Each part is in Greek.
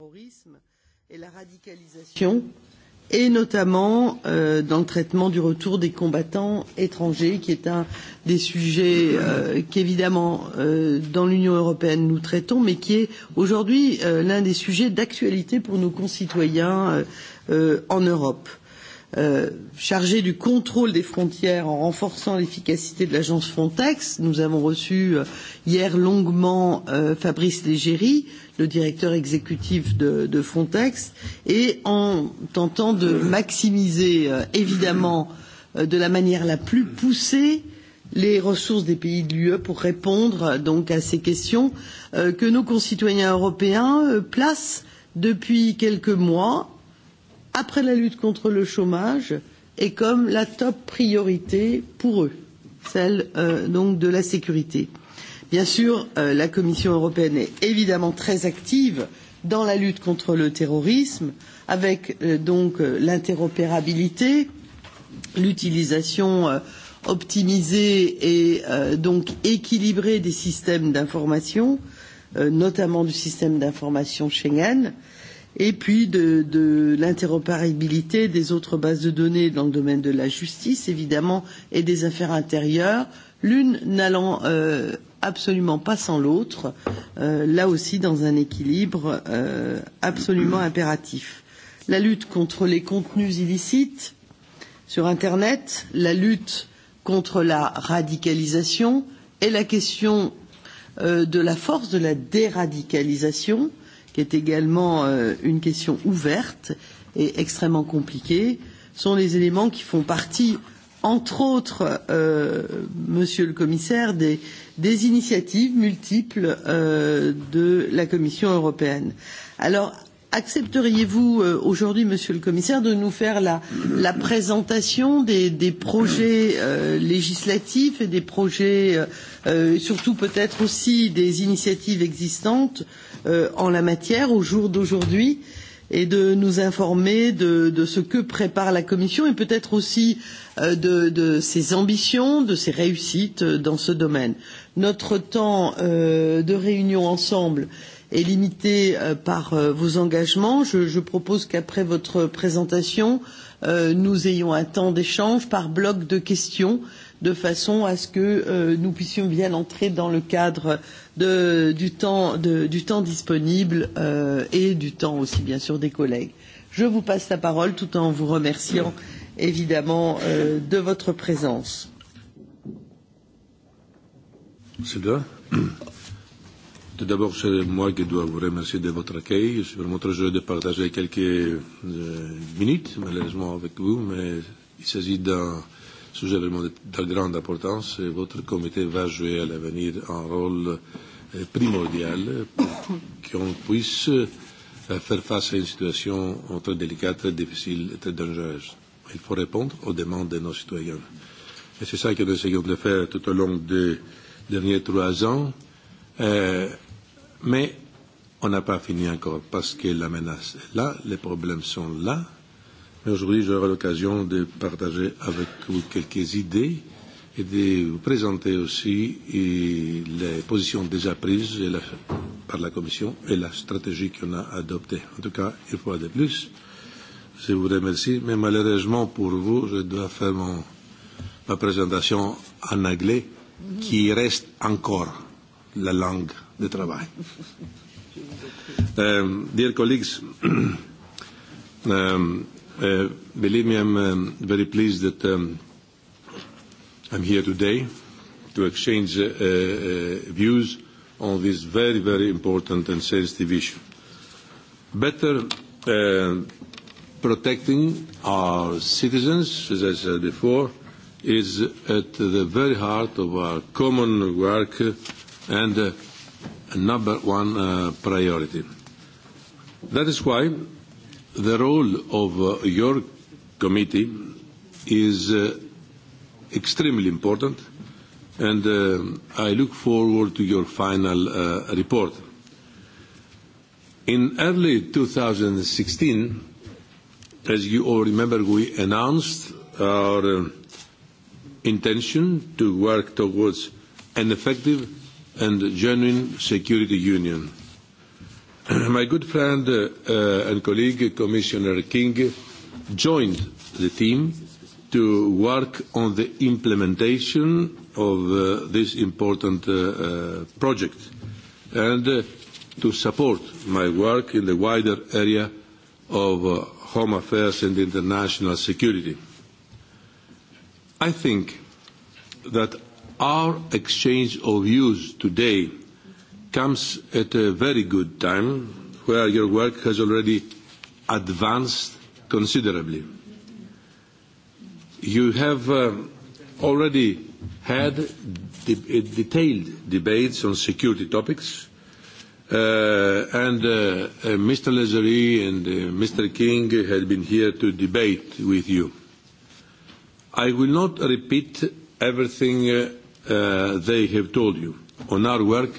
terrorisme et la radicalisation, et notamment dans le traitement du retour des combattants étrangers, qui est un des sujets qu'évidemment dans l'Union européenne nous traitons, mais qui est aujourd'hui l'un des sujets d'actualité pour nos concitoyens en Europe chargé du contrôle des frontières en renforçant l'efficacité de l'agence Frontex. Nous avons reçu hier longuement Fabrice Légéry, le directeur exécutif de Frontex, et en tentant de maximiser évidemment de la manière la plus poussée les ressources des pays de l'UE pour répondre donc à ces questions que nos concitoyens européens placent depuis quelques mois après la lutte contre le chômage est comme la top priorité pour eux, celle donc de la sécurité. Bien sûr, la Commission européenne est évidemment très active dans la lutte contre le terrorisme, avec donc l'interopérabilité, l'utilisation optimisée et donc équilibrée des systèmes d'information, notamment du système d'information Schengen, et puis de, de l'interopérabilité des autres bases de données dans le domaine de la justice, évidemment, et des affaires intérieures, l'une n'allant absolument pas sans l'autre, là aussi dans un équilibre absolument impératif. La lutte contre les contenus illicites sur Internet, la lutte contre la radicalisation et la question de la force de la déradicalisation qui est également une question ouverte et extrêmement compliquée, sont les éléments qui font partie, entre autres, Monsieur le Commissaire, des initiatives multiples de la Commission européenne. Alors, accepteriez-vous aujourd'hui, Monsieur le Commissaire, de nous faire la présentation des projets législatifs et des projets, surtout peut-être aussi des initiatives existantes, en la matière au jour d'aujourd'hui et de nous informer de ce que prépare la Commission et peut-être aussi de ses ambitions, de ses réussites dans ce domaine. Notre temps de réunion ensemble est limité par vos engagements. Je propose qu'après votre présentation, nous ayons un temps d'échange par bloc de questions de façon à ce que nous puissions bien entrer dans le cadre du temps disponible et du temps aussi bien sûr des collègues. Je vous passe la parole tout en vous remerciant évidemment de votre présence. Tout d'abord, c'est moi qui dois vous remercier de votre accueil. Je suis vraiment très heureux de partager quelques minutes, malheureusement, avec vous, mais il s'agit d'un sujet vraiment de grande importance et votre comité va jouer à l'avenir un rôle primordial pour qu'on puisse faire face à une situation très délicate, très difficile et très dangereuse. Il faut répondre aux demandes de nos citoyens. Et c'est ça que nous essayons de faire tout au long des derniers trois ans. Mais on n'a pas fini encore parce que la menace est là, les problèmes sont là Mais aujourd'hui, j'aurai l'occasion de partager avec vous quelques idées et de vous présenter aussi les positions déjà prises par la Commission et la stratégie qu'on a adoptée. En tout cas, une fois de plus, je vous remercie. Mais malheureusement pour vous, je dois faire mon, ma présentation en anglais, qui reste encore la langue de travail. Um, dear colleagues, Believe me, I'm very pleased that I'm here today to exchange views on this very, very important and sensitive issue. Better protecting our citizens, as I said before, is at the very heart of our common work and a number one priority. That is why The role of your committee is extremely important and I look forward to your final report. In early 2016, as you all remember, we announced our intention to work towards an effective and genuine security union. My good friend and colleague Commissioner King joined the team to work on the implementation of this important project and to support my work in the wider area of home affairs and international security. I think that our exchange of views today comes at a very good time where your work has already advanced considerably. You have already had detailed debates on security topics and Mr. Lezery and Mr. King have been here to debate with you. I will not repeat everything they have told you on our work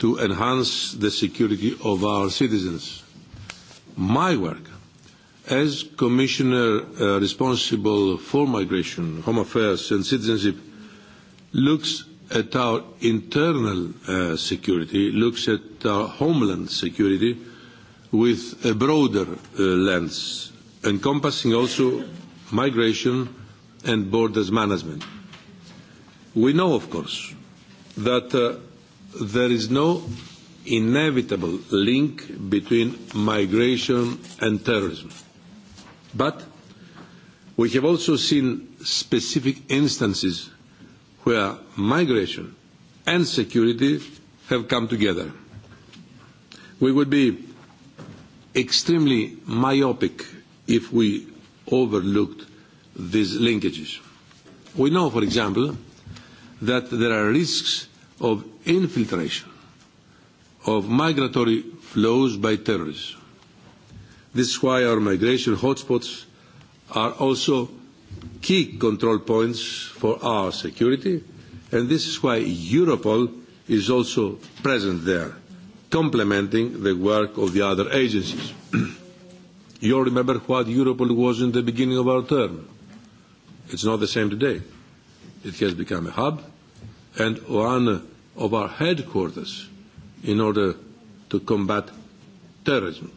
to enhance the security of our citizens. My work as Commissioner responsible for migration, home affairs and citizenship looks at our internal security, looks at our homeland security with a broader lens, encompassing also migration and borders management. We know, of course, that there is no inevitable link between migration and terrorism. But we have also seen specific instances where migration and security have come together. We would be extremely myopic if we overlooked these linkages. We know, for example, that there are risks of infiltration of migratory flows by terrorists. This is why our migration hotspots are also key control points for our security, and this is why Europol is also present there, complementing the work of the other agencies. You all remember what Europol was in the beginning of our term. It's not the same today. It has become a hub and one of our headquarters in order to combat terrorism.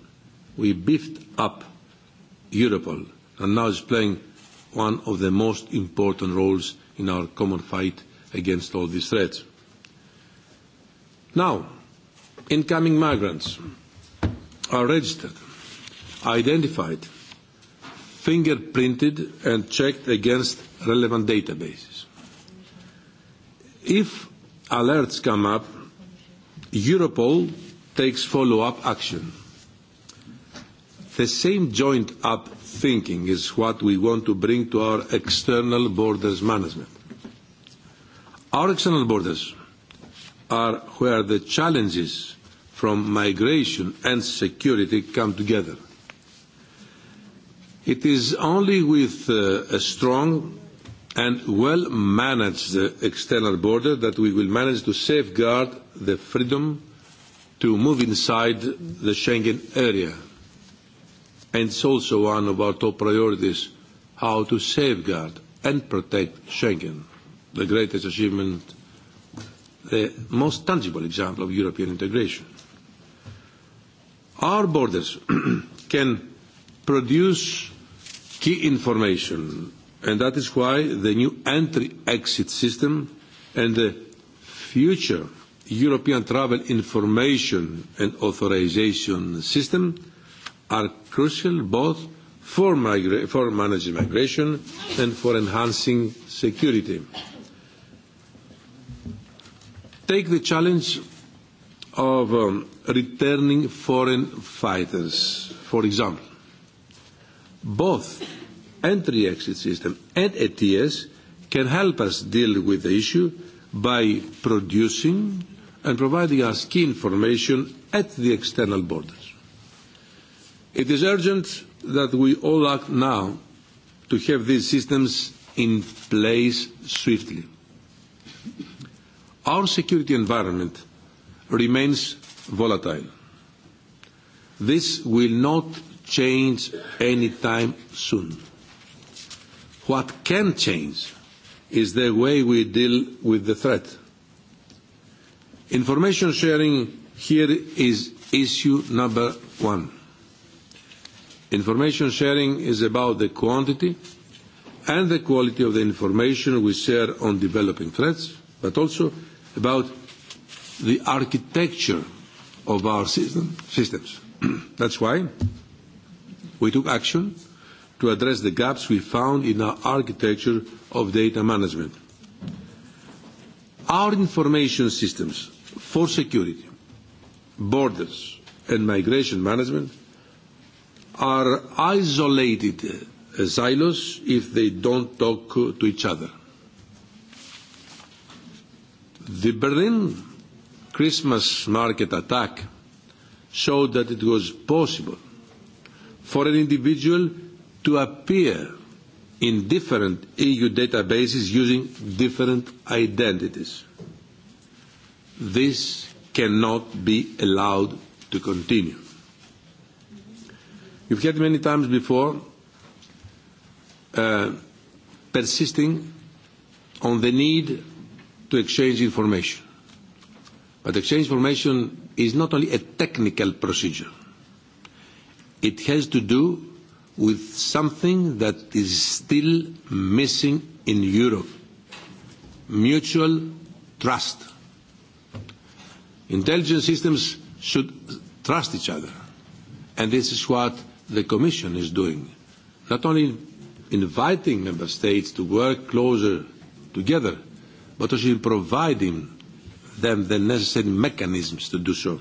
We beefed up Europol and now is playing one of the most important roles in our common fight against all these threats. Now, incoming migrants are registered, identified, fingerprinted and checked against relevant databases. If alerts come up, Europol takes follow-up action. The same joint-up thinking is what we want to bring to our external borders management. Our external borders are where the challenges from migration and security come together. It is only with a strong and well manage the external border that we will manage to safeguard the freedom to move inside the Schengen area. And it's also one of our top priorities how to safeguard and protect Schengen, the greatest achievement, the most tangible example of European integration. Our borders can produce key information and that is why the new entry-exit system and the future European travel information and Authorisation system are crucial both for managing migration and for enhancing security. Take the challenge of returning foreign fighters, for example. Both entry-exit system and ETS can help us deal with the issue by producing and providing us key information at the external borders. It is urgent that we all act now to have these systems in place swiftly. Our security environment remains volatile. This will not change any time soon. What can change is the way we deal with the threat. Information sharing here is issue number one. Information sharing is about the quantity and the quality of the information we share on developing threats, but also about the architecture of our systems. That's why we took action to address the gaps we found in our architecture of data management. Our information systems for security, borders and migration management are isolated silos if they don't talk to each other. The Berlin Christmas market attack showed that it was possible for an individual to appear in different EU databases using different identities. This cannot be allowed to continue. You've heard many times before persisting on the need to exchange information. But exchange information is not only a technical procedure. It has to do with something that is still missing in Europe mutual trust. Intelligence systems should trust each other, and this is what the Commission is doing, not only inviting Member States to work closer together, but also providing them the necessary mechanisms to do so.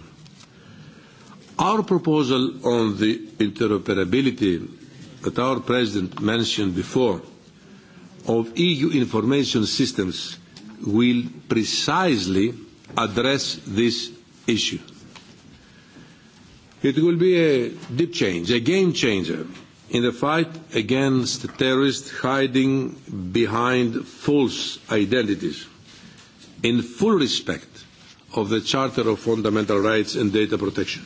Our proposal on the interoperability that our President mentioned before of EU information systems will precisely address this issue. It will be a deep change, a game changer in the fight against terrorists hiding behind false identities in full respect of the Charter of Fundamental Rights and Data Protection.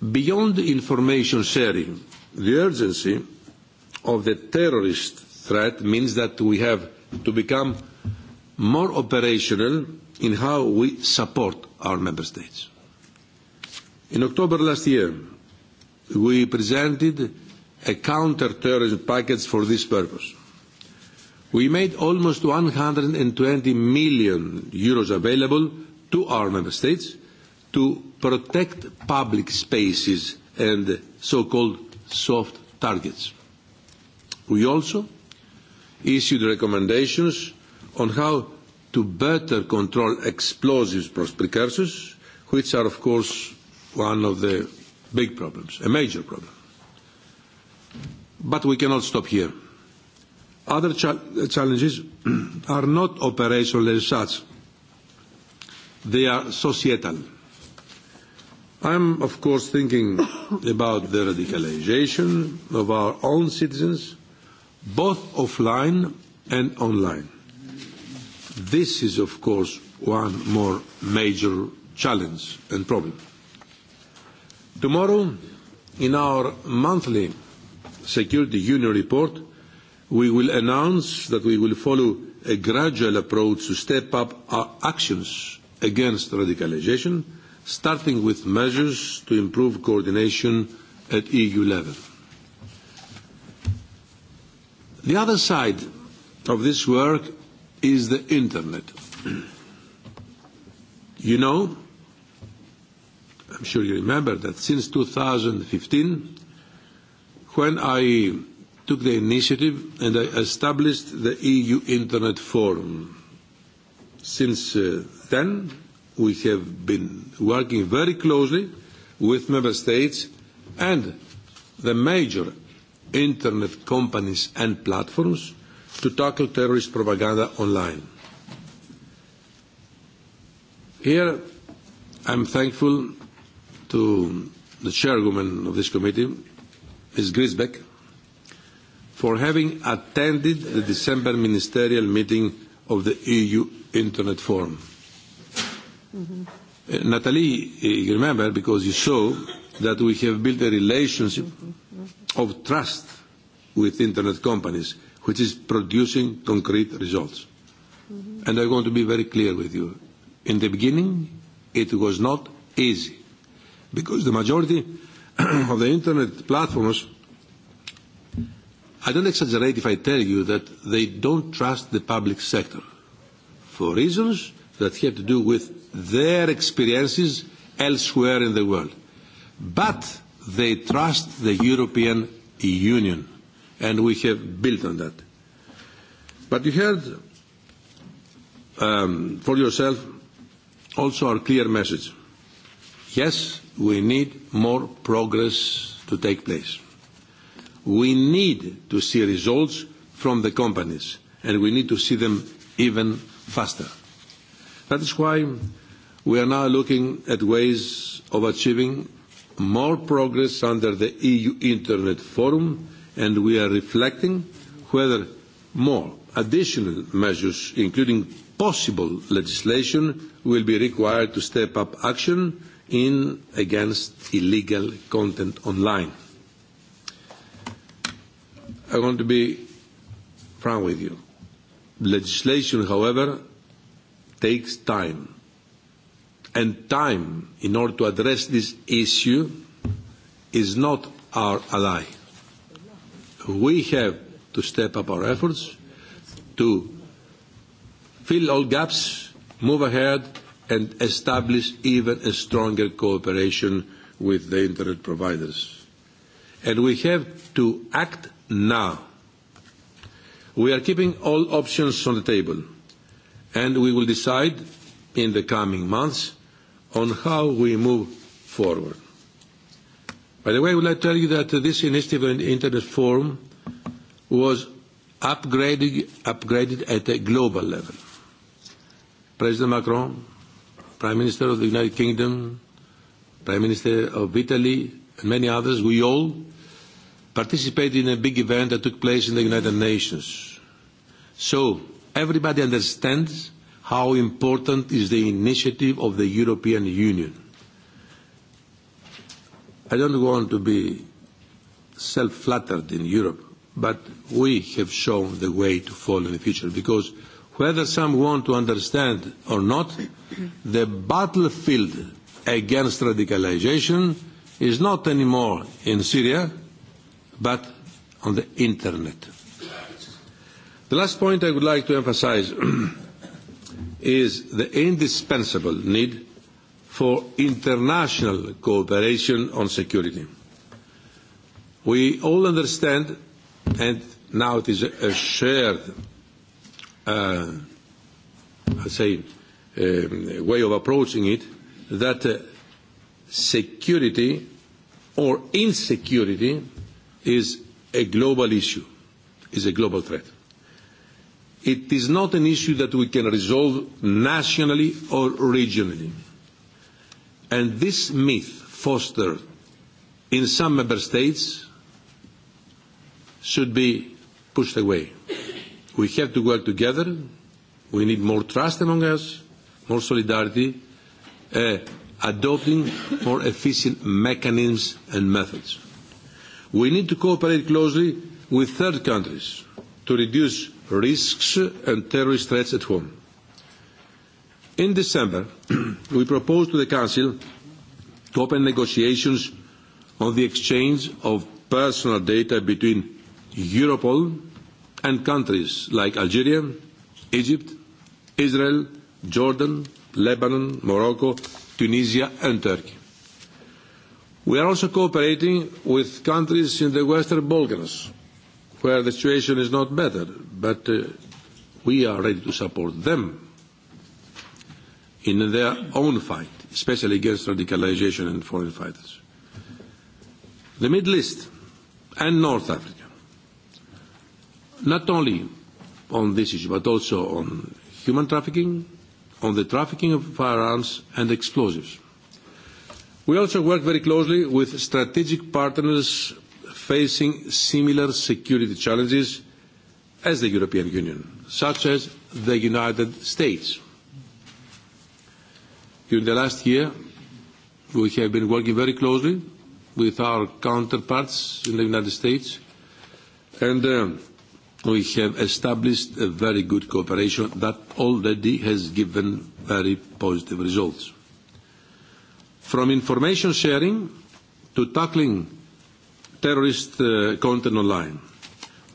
Beyond information sharing, the urgency of the terrorist threat means that we have to become more operational in how we support our member states. In October last year, we presented a counter-terrorism package for this purpose. We made almost 120 million euros available to our member states to protect public spaces and so-called soft targets. We also issued recommendations on how to better control explosives precursors, which are, of course, one of the big problems, a major problem. But we cannot stop here. Other challenges are not operational as such. They are societal I'm, of course, thinking about the radicalisation of our own citizens, both offline and online. This is, of course, one more major challenge and problem. Tomorrow, in our monthly Security Union report, we will announce that we will follow a gradual approach to step up our actions against radicalisation starting with measures to improve coordination at EU level. The other side of this work is the Internet. You know, I'm sure you remember that since 2015, when I took the initiative and I established the EU Internet Forum. Since then, we have been working very closely with member states and the major internet companies and platforms to tackle terrorist propaganda online. Here I am thankful to the chairwoman of this committee, Ms. Grisbeck, for having attended the December ministerial meeting of the EU Internet Forum. Natalie, you remember, because you saw that we have built a relationship of trust with Internet companies, which is producing concrete results. And I want to be very clear with you. In the beginning, it was not easy, because the majority of the Internet platforms, I don't exaggerate if I tell you that they don't trust the public sector for reasons that have to do with their experiences elsewhere in the world. But they trust the European Union, and we have built on that. But you heard for yourself also our clear message. Yes, we need more progress to take place. We need to see results from the companies, and we need to see them even faster. That is why we are now looking at ways of achieving more progress under the EU Internet Forum and we are reflecting whether more additional measures, including possible legislation, will be required to step up action in against illegal content online. I want to be frank with you. Legislation, however, takes time. And time in order to address this issue is not our ally. We have to step up our efforts to fill all gaps, move ahead and establish even a stronger cooperation with the Internet providers. And we have to act now. We are keeping all options on the table and we will decide in the coming months on how we move forward. By the way, I would like to tell you that this initiative on Internet Forum was upgraded, upgraded at a global level. President Macron, Prime Minister of the United Kingdom, Prime Minister of Italy, and many others, we all participated in a big event that took place in the United Nations. So, Everybody understands how important is the initiative of the European Union. I don't want to be self-flattered in Europe, but we have shown the way to follow in the future because whether some want to understand or not, the battlefield against radicalisation is not anymore in Syria, but on the Internet. The last point I would like to emphasise is the indispensable need for international cooperation on security. We all understand, and now it is a shared way of approaching it, that security or insecurity is a global issue, is a global threat It is not an issue that we can resolve nationally or regionally. And this myth fostered in some member states should be pushed away. We have to work together. We need more trust among us, more solidarity, adopting more efficient mechanisms and methods. We need to cooperate closely with third countries to reduce risks and terrorist threats at home. In December, we proposed to the Council to open negotiations on the exchange of personal data between Europol and countries like Algeria, Egypt, Israel, Jordan, Lebanon, Morocco, Tunisia and Turkey. We are also cooperating with countries in the Western Balkans where the situation is not better, but we are ready to support them in their own fight, especially against radicalization and foreign fighters. The Middle East and North Africa, not only on this issue, but also on human trafficking, on the trafficking of firearms and explosives. We also work very closely with strategic partners facing similar security challenges as the European Union, such as the United States. During the last year, we have been working very closely with our counterparts in the United States, and we have established a very good cooperation that already has given very positive results. From information sharing to tackling terrorist content online,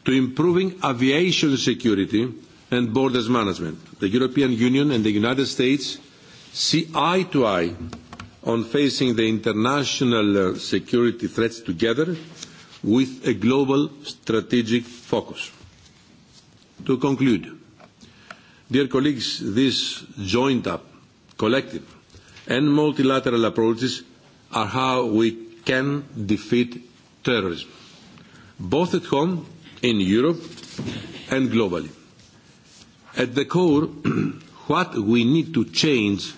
to improving aviation security and borders management. The European Union and the United States see eye to eye on facing the international security threats together with a global strategic focus. To conclude, dear colleagues, these joined up, collective and multilateral approaches are how we can defeat terrorism, both at home, in Europe and globally. At the core, what we need to change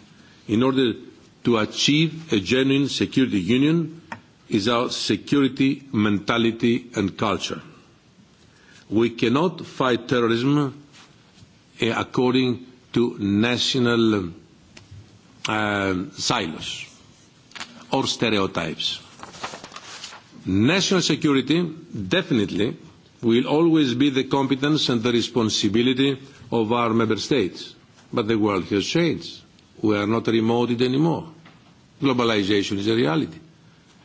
in order to achieve a genuine security union is our security mentality and culture. We cannot fight terrorism according to national silos or stereotypes. National security definitely will always be the competence and the responsibility of our member states. But the world has changed. We are not remote anymore. Globalization is a reality.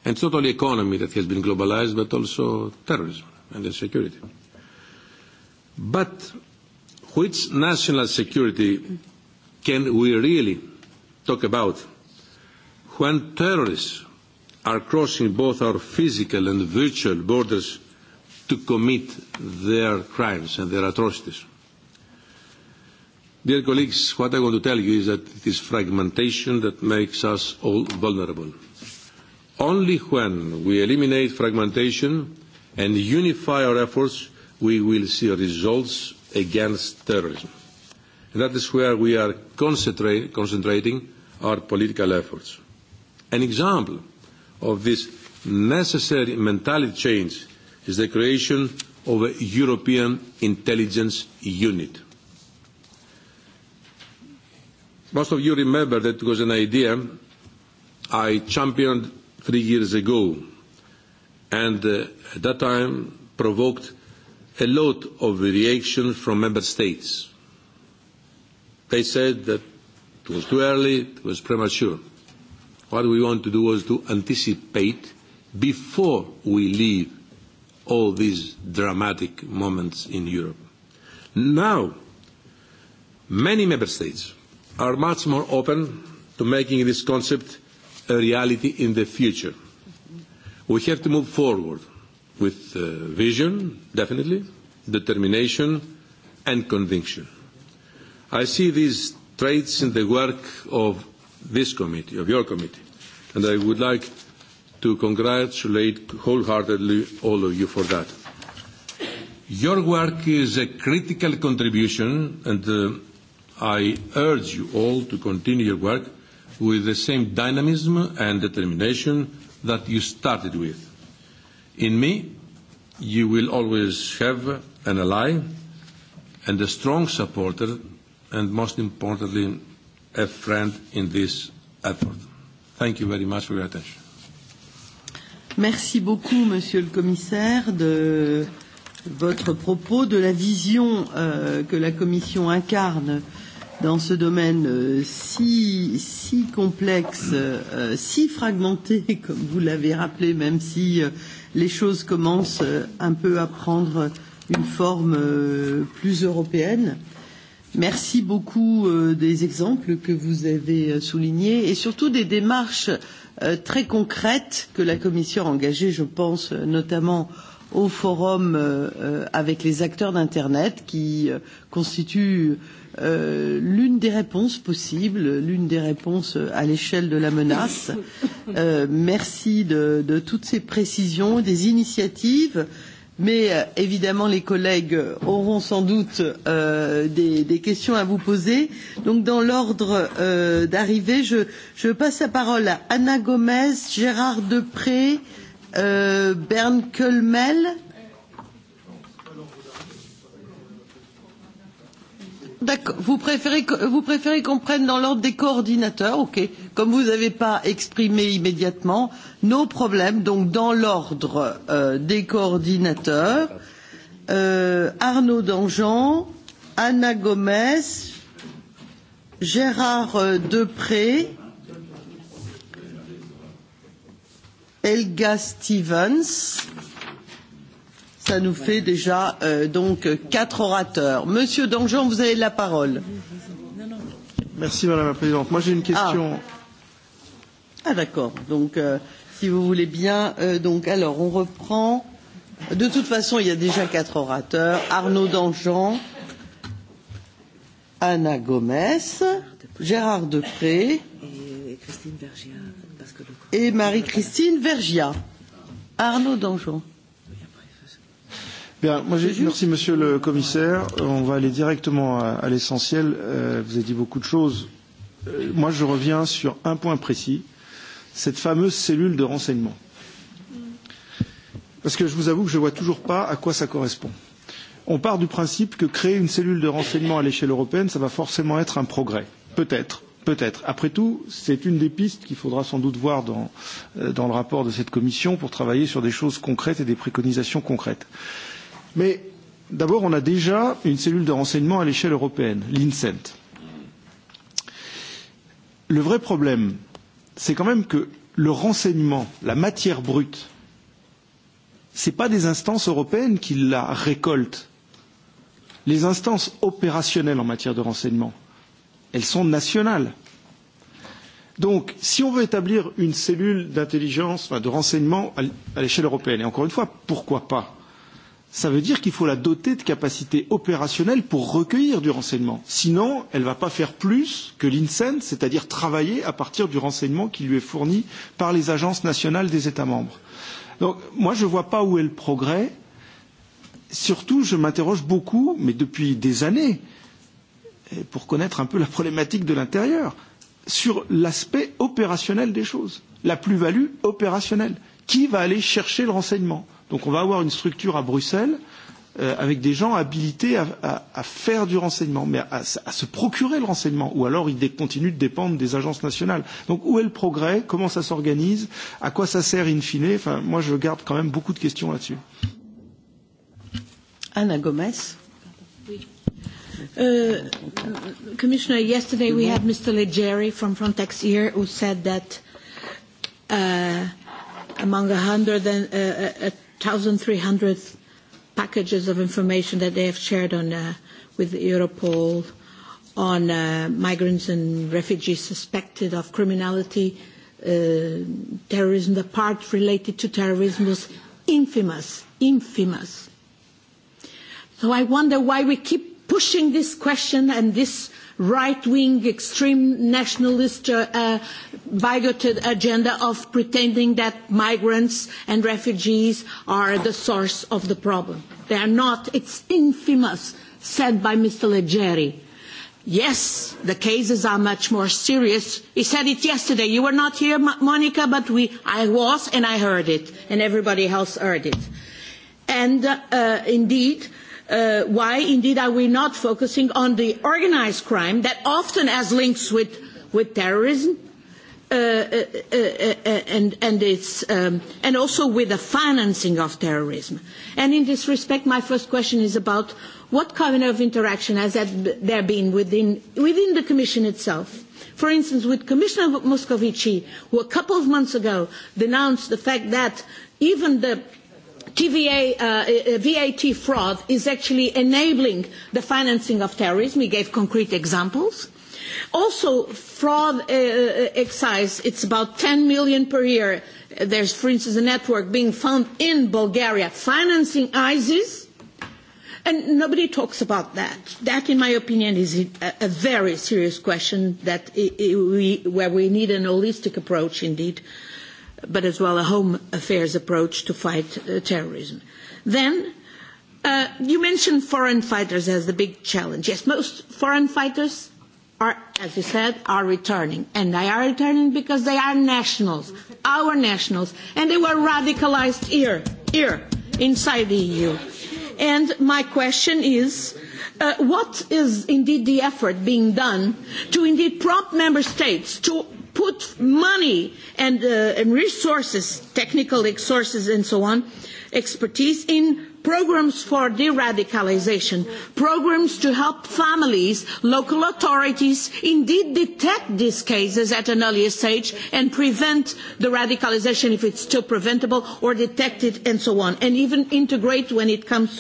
And it's not only economy that has been globalized, but also terrorism and security. But which national security can we really talk about when terrorists are crossing both our physical and virtual borders to commit their crimes and their atrocities. Dear colleagues, what I want to tell you is that it is fragmentation that makes us all vulnerable. Only when we eliminate fragmentation and unify our efforts, we will see results against terrorism. And that is where we are concentrating our political efforts. An example of this necessary mentality change is the creation of a European intelligence unit. Most of you remember that it was an idea I championed three years ago and at that time provoked a lot of reaction from member states. They said that it was too early, it was premature. What we want to do is to anticipate before we leave all these dramatic moments in Europe. Now, many member states are much more open to making this concept a reality in the future. We have to move forward with vision, definitely, determination and conviction. I see these traits in the work of this committee, of your committee. And I would like to congratulate wholeheartedly all of you for that. Your work is a critical contribution, and I urge you all to continue your work with the same dynamism and determination that you started with. In me, you will always have an ally and a strong supporter, and most importantly, a friend in this effort. Thank you very much for Merci beaucoup, Monsieur le Commissaire, de votre propos, de la vision que la Commission incarne dans ce domaine si, si complexe, si fragmenté, comme vous l'avez rappelé, même si les choses commencent un peu à prendre une forme plus européenne. Merci beaucoup des exemples que vous avez soulignés et surtout des démarches très concrètes que la Commission a engagées, je pense notamment au forum avec les acteurs d'Internet qui constitue l'une des réponses possibles, l'une des réponses à l'échelle de la menace. Merci de toutes ces précisions, et des initiatives mais évidemment les collègues auront sans doute des questions à vous poser. Donc dans l'ordre d'arrivée, je passe la parole à Anna Gomez, Gérard Depré, Bernd Kölmel Vous préférez qu'on prenne dans l'ordre des coordinateurs Ok. Comme vous n'avez pas exprimé immédiatement nos problèmes, donc dans l'ordre des coordinateurs, Arnaud Dangean, Anna Gomez, Gérard Depré, Elga Stevens Ça nous fait déjà donc quatre orateurs. Monsieur Dangean, vous avez la parole. Merci Madame la Présidente. Moi j'ai une question. Ah d'accord. Donc si vous voulez bien, donc alors on reprend. De toute façon, il y a déjà quatre orateurs. Arnaud Dangean, Anna Gomes, Gérard Depré et Marie-Christine Vergia. Arnaud Dangean. Bien, moi, merci Monsieur le Commissaire. On va aller directement à, l'essentiel. vous avez dit beaucoup de choses. moi, je reviens sur un point précis, cette fameuse cellule de renseignement. Parce que je vous avoue que je ne vois toujours pas à quoi ça correspond. On part du principe que créer une cellule de renseignement à l'échelle européenne, ça va forcément être un progrès. Peut-être, peut-être. Après tout, c'est une des pistes qu'il faudra sans doute voir dans, dans le rapport de cette commission pour travailler sur des choses concrètes et des préconisations concrètes. Mais d'abord, on a déjà une cellule de renseignement à l'échelle européenne, l'INSENT. Le vrai problème, c'est quand même que le renseignement, la matière brute, ce n'est pas des instances européennes qui la récoltent. Les instances opérationnelles en matière de renseignement, elles sont nationales. Donc, si on veut établir une cellule d'intelligence, de renseignement à l'échelle européenne, et encore une fois, pourquoi pas ça veut dire qu'il faut la doter de capacités opérationnelles pour recueillir du renseignement. Sinon, elle ne va pas faire plus que l'INSEN, c'est-à-dire travailler à partir du renseignement qui lui est fourni par les agences nationales des États membres. Donc, moi, je ne vois pas où est le progrès. Surtout, je m'interroge beaucoup, mais depuis des années, pour connaître un peu la problématique de l'intérieur, sur l'aspect opérationnel des choses, la plus-value opérationnelle. Qui va aller chercher le renseignement Donc on va avoir une structure à Bruxelles avec des gens habilités à faire du renseignement, mais à se procurer le renseignement, ou alors ils continuent de dépendre des agences nationales. Donc où est le progrès, comment ça s'organise, à quoi ça sert in fine, enfin moi je garde quand même beaucoup de questions là dessus. Anna Gomez. Commissioner, yesterday we had Mr Leggeri from Frontex here who said that among 100 1,300 packages of information that they have shared on with Europol on migrants and refugees suspected of criminality, terrorism. The part related to terrorism was infamous, infamous. So I wonder why we keep pushing this question and this right-wing extreme nationalist bigoted agenda of pretending that migrants and refugees are the source of the problem. They are not. It's infamous, said by Mr. Leggeri. Yes, the cases are much more serious. He said it yesterday. You were not here, Monica, but I was and I heard it and everybody else heard it. And indeed why indeed are we not focusing on the organised crime that often has links with terrorism and also with the financing of terrorism. And in this respect my first question is about what kind of interaction has there been within the Commission itself? For instance, with Commissioner Moscovici, who a couple of months ago denounced the fact that even the VAT fraud is actually enabling the financing of terrorism. We gave concrete examples. Also, fraud excise, it's about 10 million per year. There's, for instance, a network being found in Bulgaria financing ISIS, and nobody talks about that. That, in my opinion, is a very serious question that where we need an holistic approach, indeed but as well a home affairs approach to fight terrorism. Then you mentioned foreign fighters as the big challenge. Yes, most foreign fighters are, as you said, are returning. And they are returning because they are nationals, our nationals. And they were radicalized here, here, inside the EU. And my question is, what is indeed the effort being done to indeed prompt member states to put money and resources, technical resources and so on, expertise in programmes for de radicalisation programmes to help families, local authorities indeed detect these cases at an earlier stage and prevent the radicalisation if it's still preventable or detect it and so on, and even integrate when it comes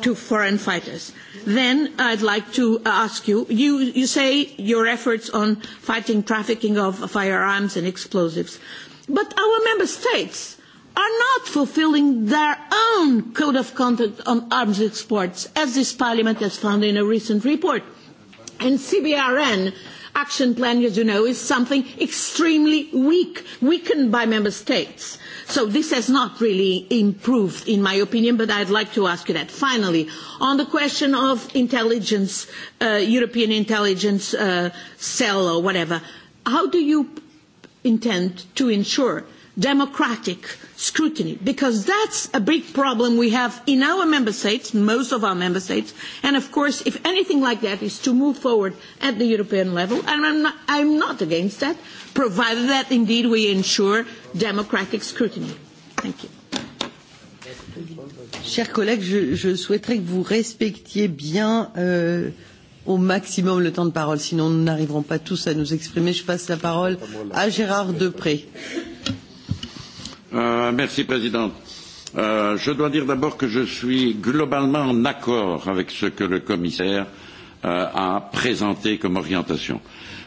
to foreign fighters. Then I'd like to ask you, you say your efforts on fighting trafficking of firearms and explosives, but our member states are not fulfilling their own code of conduct on arms exports, as this Parliament has found in a recent report. And CBRN action plan, as you know, is something extremely weak, weakened by member states. So this has not really improved, in my opinion, but I'd like to ask you that. Finally, on the question of intelligence, European intelligence cell or whatever, how do you intend to ensure democratic scrutiny because that's a big problem we have in our member states most of our member states and of course if anything like that is to move forward at the european level and i'm not against that provided that indeed we ensure democratic scrutiny. thank you. chers collègues je souhaiterais que vous respectiez bien au maximum le temps de parole sinon nous n'arriverons pas tous à nous exprimer. je passe la parole à gérard deprez la Présidente. Je dois dire d'abord que je suis globalement en accord avec ce que le commissaire a présenté comme orientation.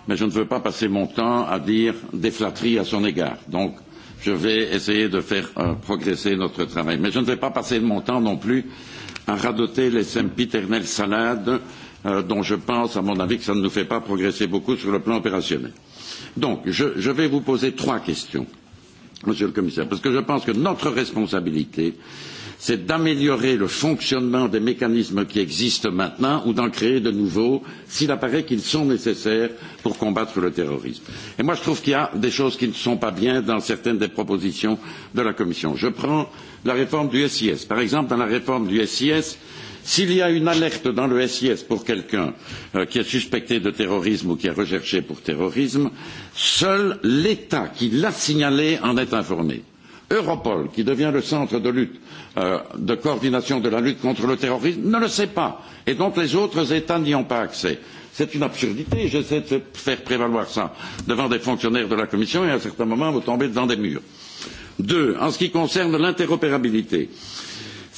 Mais je ne veux pas passer mon temps à dire des flatteries à son égard. Donc, je vais essayer de faire progresser notre travail. Mais je ne vais pas passer mon temps non plus à radoter les sempiternelles salades dont je pense, à mon avis, que cela ne nous fait pas progresser beaucoup sur le plan opérationnel. Donc, je vais vous poser trois questions monsieur le commissaire parce que je pense que notre responsabilité c'est d'améliorer le fonctionnement des mécanismes qui existent maintenant ou d'en créer de nouveaux s'il apparaît qu'ils sont nécessaires pour combattre le terrorisme. et moi je trouve qu'il y a des choses qui ne sont pas bien dans certaines des propositions de la commission. je prends la réforme du sis. par exemple dans la réforme du sis S'il y a une alerte dans le SIS pour quelqu'un qui est suspecté de terrorisme ou qui est recherché pour terrorisme, seul l'État qui l'a signalé en est informé. Europol, qui devient le centre de lutte de coordination de la lutte contre le terrorisme, ne le sait pas et donc les autres États n'y ont pas accès. C'est une absurdité, j'essaie de faire prévaloir ça devant des fonctionnaires de la Commission et à un certain moment vous tombez devant des murs. Deux, en ce qui concerne l'interopérabilité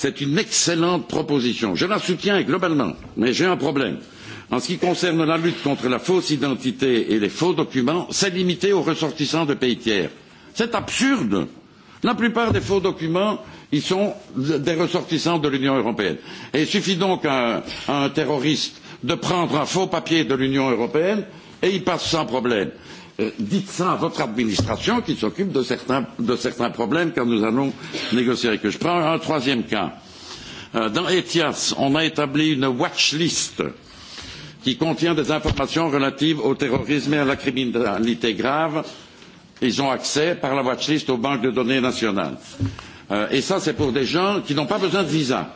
C'est une excellente proposition. Je la soutiens globalement, mais j'ai un problème. En ce qui concerne la lutte contre la fausse identité et les faux documents, c'est limité aux ressortissants de pays tiers. C'est absurde. La plupart des faux documents, sont des ressortissants de l'Union européenne. Et il suffit donc à un terroriste de prendre un faux papier de l'Union européenne et ils passent sans problème. Dites ça à votre administration qui s'occupe de certains problèmes quand nous allons négocier avec eux. Je prends un troisième cas. Dans ETIAS, on a établi une watch list qui contient des informations relatives au terrorisme et à la criminalité grave. Ils ont accès par la watch aux banques de données nationales. Et ça, c'est pour des gens qui n'ont pas besoin de visa.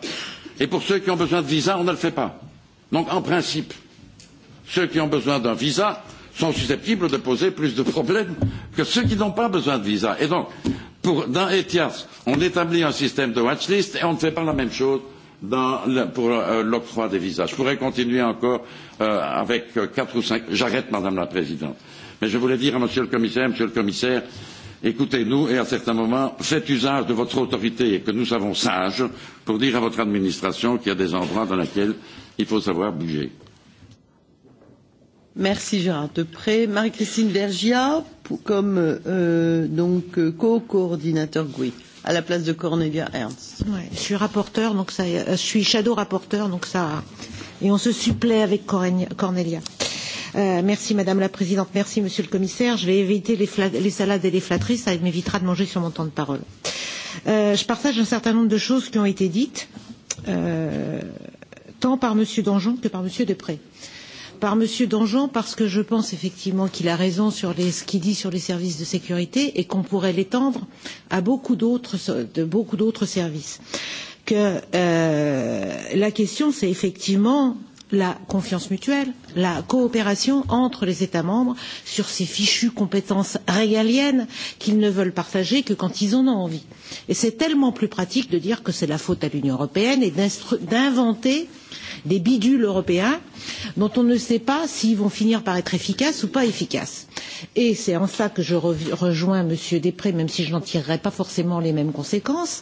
Et pour ceux qui ont besoin de visa, on ne le fait pas. Donc, en principe Ceux qui ont besoin d'un visa sont susceptibles de poser plus de problèmes que ceux qui n'ont pas besoin de visa. Et donc, dans ETIAS, on établit un système de watchlist et on ne fait pas la même chose pour l'octroi des visas. Je pourrais continuer encore avec quatre ou cinq. J'arrête, Madame la Présidente. Mais je voulais dire à Monsieur le Commissaire, Monsieur le Commissaire, écoutez-nous et à certains moments, faites usage de votre autorité que nous savons sage pour dire à votre administration qu'il y a des endroits dans lesquels il faut savoir bouger. Merci Gérard Depré. Marie-Christine Vergia, comme donc co-coordinateur GUI, à la place de Cornelia Ernst. Ouais, je suis rapporteur, donc ça, je suis shadow rapporteur, donc ça, et on se supplée avec Cornelia. Merci Madame la Présidente, merci Monsieur le Commissaire. Je vais éviter les salades et les flatteries, ça m'évitera de manger sur mon temps de parole. Je partage un certain nombre de choses qui ont été dites, tant par Monsieur Donjon que par Monsieur Depré par M. Dangean parce que je pense effectivement qu'il a raison sur ce qu'il dit sur les services de sécurité et qu'on pourrait l'étendre à beaucoup d'autres services. La question, c'est effectivement la confiance mutuelle, la coopération entre les États membres sur ces fichues compétences régaliennes qu'ils ne veulent partager que quand ils en ont envie. Et c'est tellement plus pratique de dire que c'est la faute à l'Union européenne et d'inventer des bidules européens dont on ne sait pas s'ils vont finir par être efficaces ou pas efficaces. Et c'est en cela que je rejoins M. Deprez, même si je n'en tirerai pas forcément les mêmes conséquences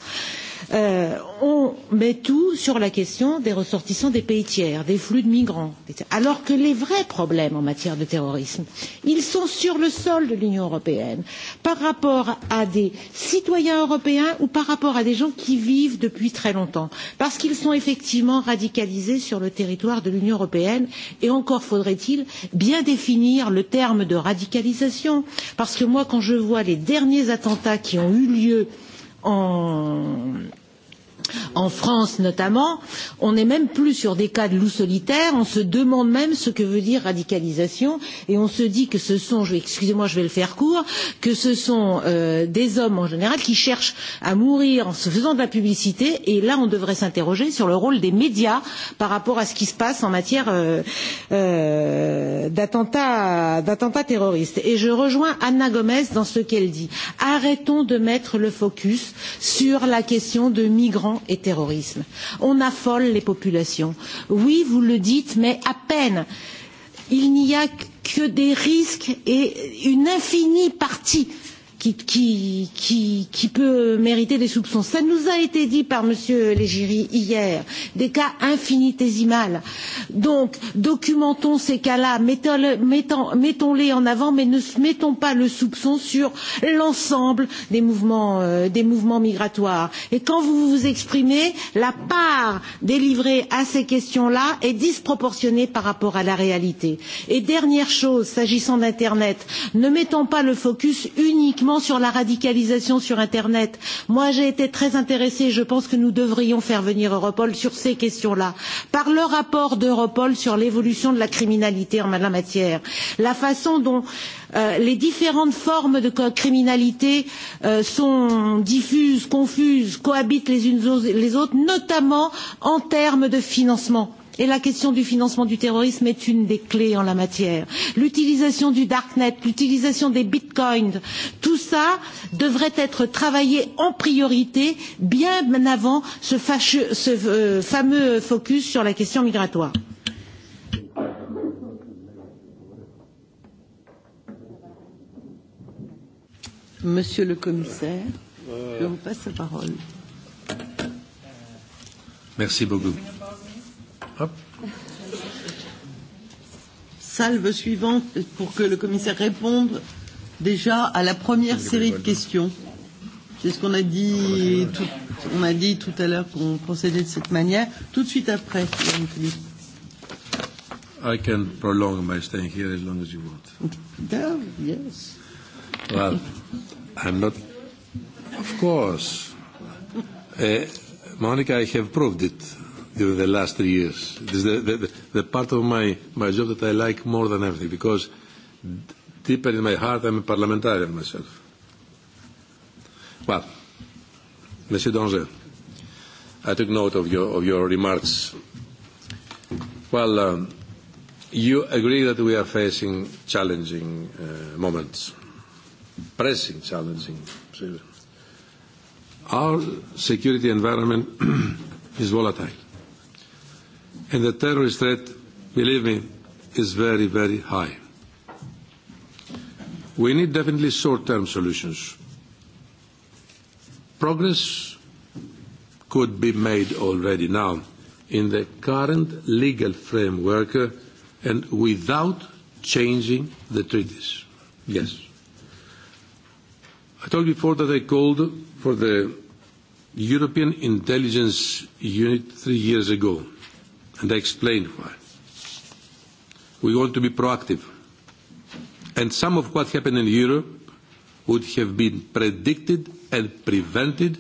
on met tout sur la question des ressortissants des pays tiers, des flux de migrants, alors que les vrais problèmes en matière de terrorisme, ils sont sur le sol de l'Union européenne, par rapport à des citoyens européens ou par rapport à des gens qui vivent depuis très longtemps, parce qu'ils sont effectivement radicalisés sur le territoire de l'Union européenne, et encore faudrait-il bien définir le terme de radicalisation, parce que moi, quand je vois les derniers attentats qui ont eu lieu en en France notamment, on n'est même plus sur des cas de loups solitaires, on se demande même ce que veut dire radicalisation et on se dit que ce sont, excusez-moi je vais le faire court, que ce sont des hommes en général qui cherchent à mourir en se faisant de la publicité et là on devrait s'interroger sur le rôle des médias par rapport à ce qui se passe en matière d'attentats terroristes. Et je rejoins Anna Gomez dans ce qu'elle dit. Arrêtons de mettre le focus sur la question de migrants et terrorisme. On affole les populations. Oui, vous le dites, mais à peine. Il n'y a que des risques et une infinie partie qui peut mériter des soupçons. Ça nous a été dit par M. Légiri hier, des cas infinitésimales. Donc, documentons ces cas-là, mettons-les en avant, mais ne mettons pas le soupçon sur l'ensemble des mouvements migratoires. Et quand vous vous exprimez, la part délivrée à ces questions-là est disproportionnée par rapport à la réalité. Et dernière chose, s'agissant d'Internet, ne mettons pas le focus uniquement sur la radicalisation sur internet moi j'ai été très intéressée je pense que nous devrions faire venir europol sur ces questions là par le rapport d'europol sur l'évolution de la criminalité en la matière la façon dont les différentes formes de criminalité sont diffuses confuses cohabitent les unes les autres notamment en termes de financement et la question du financement du terrorisme est une des clés en la matière. L'utilisation du darknet, l'utilisation des bitcoins, tout ça devrait être travaillé en priorité bien avant ce fameux focus sur la question migratoire. Monsieur le commissaire, je vous passe la parole. Merci beaucoup. Salve suivante pour que le commissaire réponde déjà à la première série de questions. C'est ce qu'on a dit tout, on a dit tout à l'heure qu'on procédait de cette manière. Tout de suite après, I can prolong my staying here as long as you want. yes. Well, I'm not. Of course. Uh, Monica, I have proved it during the last three years. this is the part of my my job that I like more than everything because deeper in my heart I'm a parliamentarian myself. Well, Monsieur I took note of your remarks. Well, you agree that we are facing challenging moments, pressing, challenging. Our security environment is volatile and the terrorist threat, believe me, is very, very high. We need definitely short-term solutions. Progress could be made already now in the current legal framework and without changing the treaties. Yes. I told before that I called for the European Intelligence Unit three years ago and I explain why. We want to be proactive. And some of what happened in Europe would have been predicted and prevented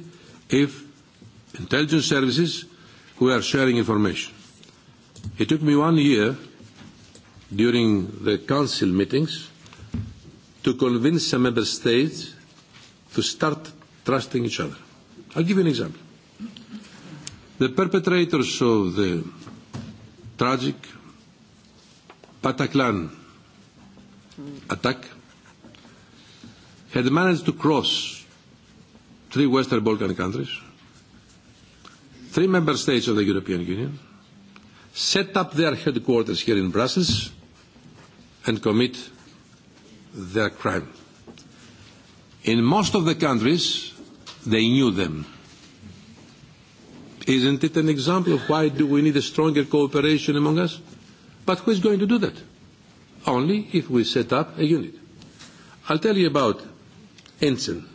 if intelligence services were sharing information. It took me one year during the Council meetings to convince some Member States to start trusting each other. I'll give you an example. The perpetrators of the tragic Bataclan attack had managed to cross three Western Balkan countries, three member states of the European Union, set up their headquarters here in Brussels and commit their crime. In most of the countries, they knew them. Isn't it an example of why do we need a stronger cooperation among us? But who is going to do that? Only if we set up a unit. I'll tell you about Ensign.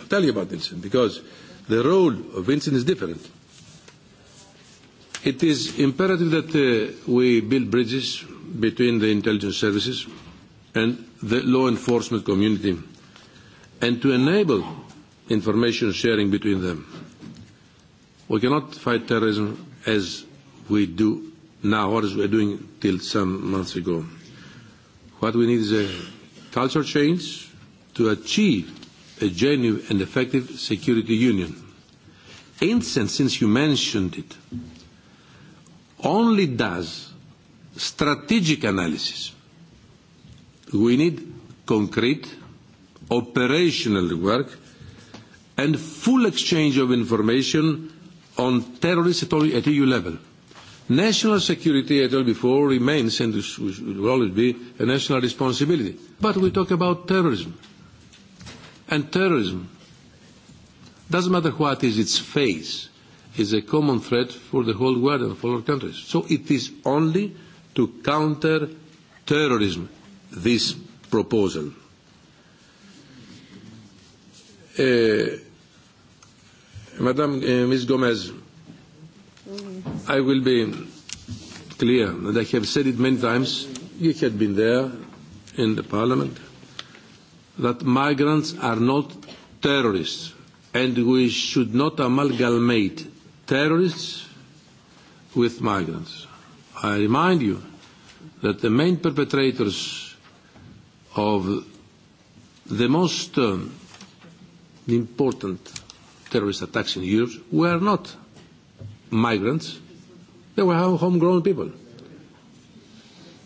I'll tell you about Ensign, because the role of Ensign is different. It is imperative that we build bridges between the intelligence services and the law enforcement community and to enable information sharing between them. We cannot fight terrorism as we do now or as we are doing till some months ago. What we need is a cultural change to achieve a genuine and effective security union. Incent, since you mentioned it, only does strategic analysis. We need concrete, operational work and full exchange of information on terrorists at EU level. National security, I told before, remains and will always be a national responsibility. But we talk about terrorism. And terrorism, doesn't matter what is its face, is a common threat for the whole world and for our countries. So it is only to counter terrorism, this proposal. Madam Ms. Gomez, I will be clear, and I have said it many times, you had been there in the Parliament, that migrants are not terrorists, and we should not amalgamate terrorists with migrants. I remind you that the main perpetrators of the most important terrorist attacks in Europe were not migrants. They were homegrown people.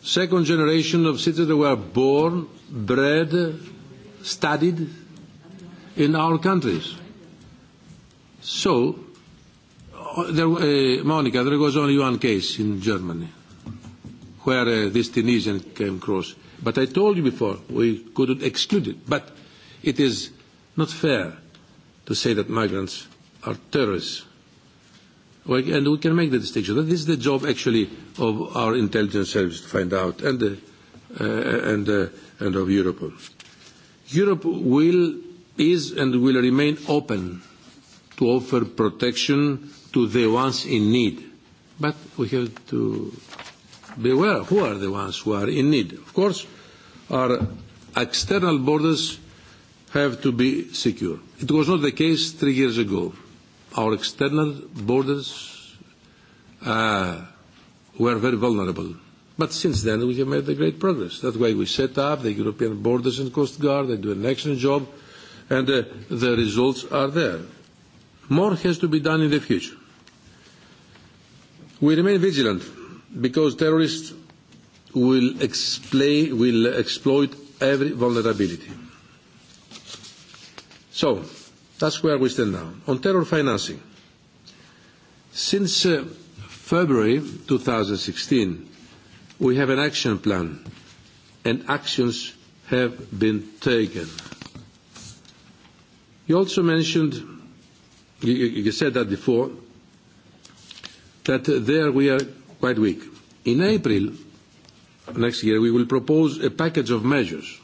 Second generation of citizens that were born, bred, studied in our countries. So, Monica, there was only one case in Germany where this Tunisian came across. But I told you before, we couldn't exclude it. But it is not fair to say that migrants are terrorists. And we can make the distinction. This is the job, actually, of our intelligence service to find out, and of Europol. Europe will, is, and will remain open to offer protection to the ones in need. But we have to be aware who are the ones who are in need. Of course, our external borders have to be secure. It was not the case three years ago. Our external borders were very vulnerable. But since then we have made great progress. That's why we set up the European Borders and Coast Guard. They do an excellent job. And the results are there. More has to be done in the future. We remain vigilant because terrorists will exploit every vulnerability. So that's where we stand now. On terror financing. Since February 2016, we have an action plan, and actions have been taken. You also mentioned, you said that before, that there we are quite weak. In April next year, we will propose a package of measures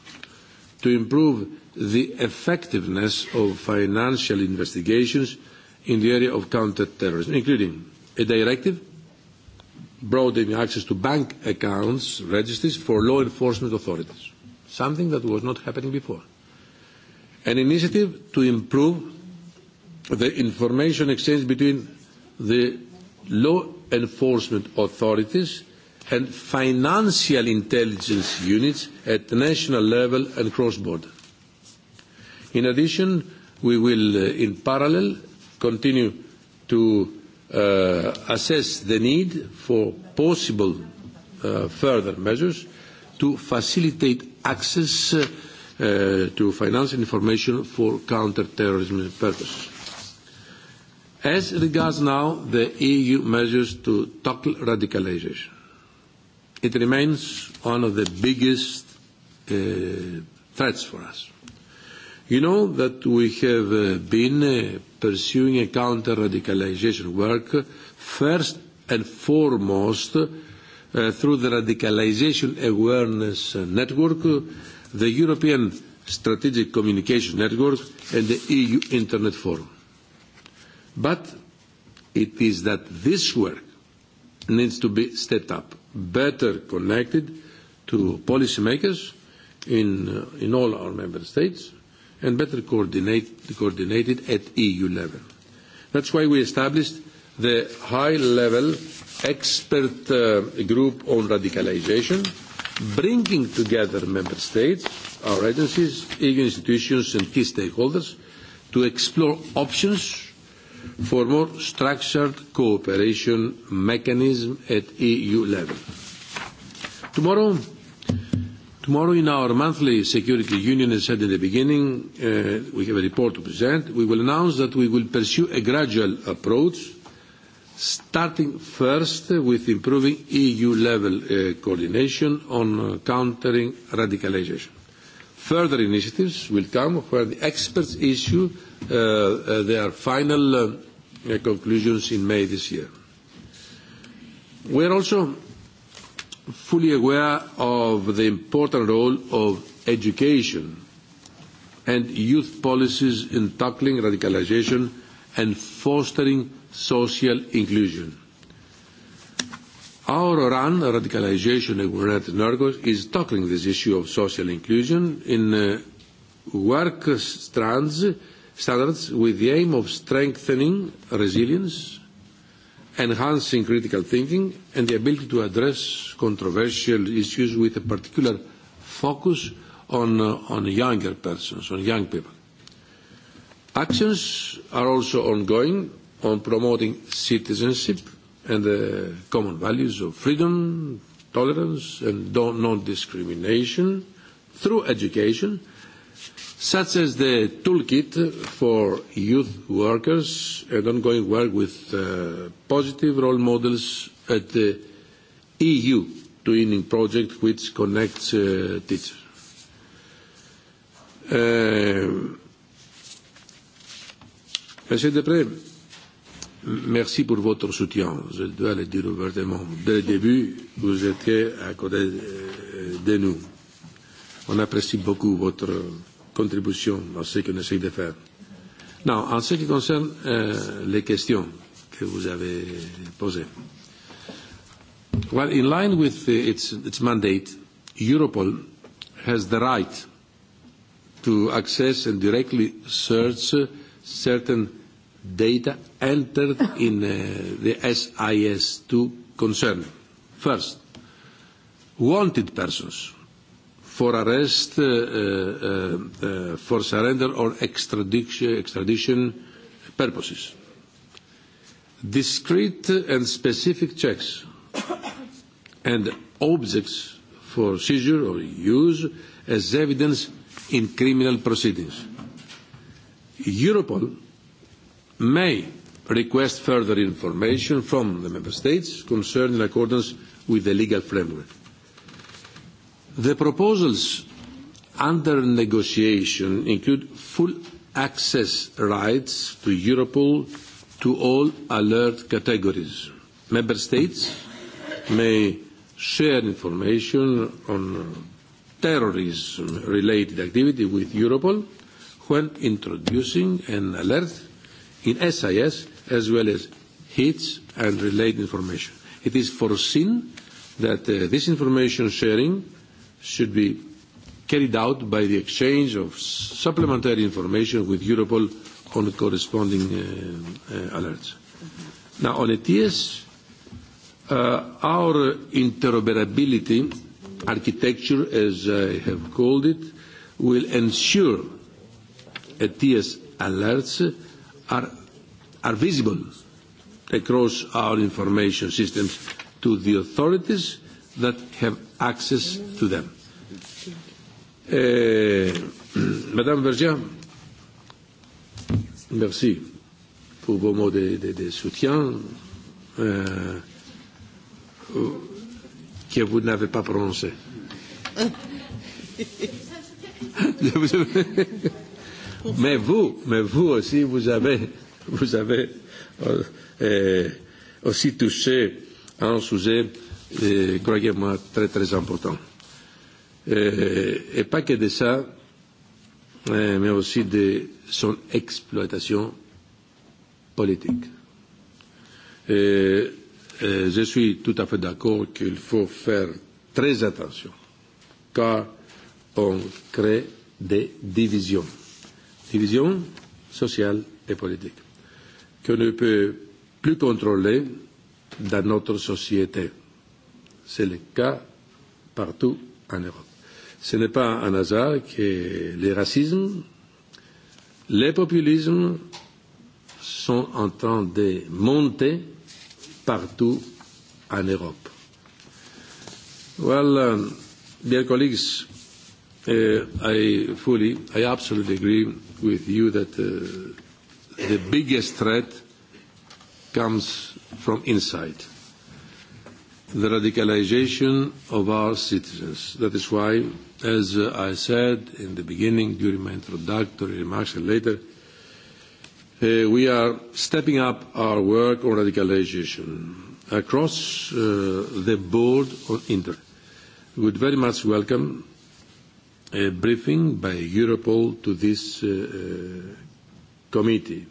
to improve the effectiveness of financial investigations in the area of counterterrorism, including a directive broadening access to bank accounts registers for law enforcement authorities, something that was not happening before. An initiative to improve the information exchange between the law enforcement authorities and financial intelligence units at national level and cross-border. In addition, we will in parallel continue to assess the need for possible further measures to facilitate access to financial information for counter-terrorism purposes. As regards now the EU measures to tackle radicalisation, it remains one of the biggest threats for us. You know that we have been pursuing a counter-radicalization work first and foremost through the radicalization awareness network, the European Strategic Communication Network and the EU Internet Forum. But it is that this work needs to be stepped up, better connected to policymakers in all our member states and better coordinated at EU level. That's why we established the high-level expert group on radicalisation, bringing together member states, our agencies, EU institutions and key stakeholders to explore options for more structured cooperation mechanism at EU level. Tomorrow Tomorrow in our monthly Security Union, as said in the beginning, we have a report to present. We will announce that we will pursue a gradual approach, starting first with improving EU-level coordination on countering radicalization Further initiatives will come where the experts issue their final conclusions in May this year. We are also fully aware of the important role of education and youth policies in tackling radicalisation and fostering social inclusion. Our RAN, Radicalisation and is tackling this issue of social inclusion in work standards with the aim of strengthening resilience enhancing critical thinking and the ability to address controversial issues with a particular focus on younger persons, on young people. Actions are also ongoing on promoting citizenship and the common values of freedom, tolerance and non-discrimination through education such as the toolkit for youth workers and ongoing work with positive role models at the EU twinning project which connects teachers. Monsieur Deprez, merci pour votre soutien. Je dois le dire ouvertement. Dès le début, vous étiez à côté de nous. On apprécie beaucoup votre contribution dans ce qu'on essaye de faire. Non, en ce qui concerne les questions que vous avez posées. Well, in line with its its mandate, Europol has the right to access and directly search certain data entered in the SIS2 concern. First, wanted persons for arrest, for surrender or extradition purposes. Discrete and specific checks and objects for seizure or use as evidence in criminal proceedings. Europol may request further information from the Member States concerned in accordance with the legal framework. The proposals under negotiation include full access rights to Europol to all alert categories. Member States may share information on terrorism-related activity with Europol when introducing an alert in SIS as well as hits and related information. It is foreseen that this information sharing should be carried out by the exchange of supplementary information with Europol on corresponding alerts. Now, on ETS, our interoperability architecture, as I have called it, will ensure ETS alerts are visible across our information systems to the authorities that have access to them. Madame Vergia, merci pour vos mots de soutien que vous n'avez pas prononcé. Mais vous, mais vous aussi, vous avez, vous avez aussi touché un sujet croyez-moi, très très important. Et pas que de ça, mais aussi de son exploitation politique. Je suis tout à fait d'accord qu'il faut faire très attention, car on crée des divisions, divisions sociales et politiques, qu'on ne peut plus contrôler dans notre société. C'est le cas partout en Europe. Ce n'est pas un hasard que les racismes, les populismes sont en train de monter partout en Europe. Well, dear colleagues, I fully, I absolutely agree with you that the biggest threat comes from inside the radicalization of our citizens. That is why, as I said in the beginning, during my introductory remarks and later, we are stepping up our work on radicalization across the board on Inter. We would very much welcome a briefing by Europol to this committee.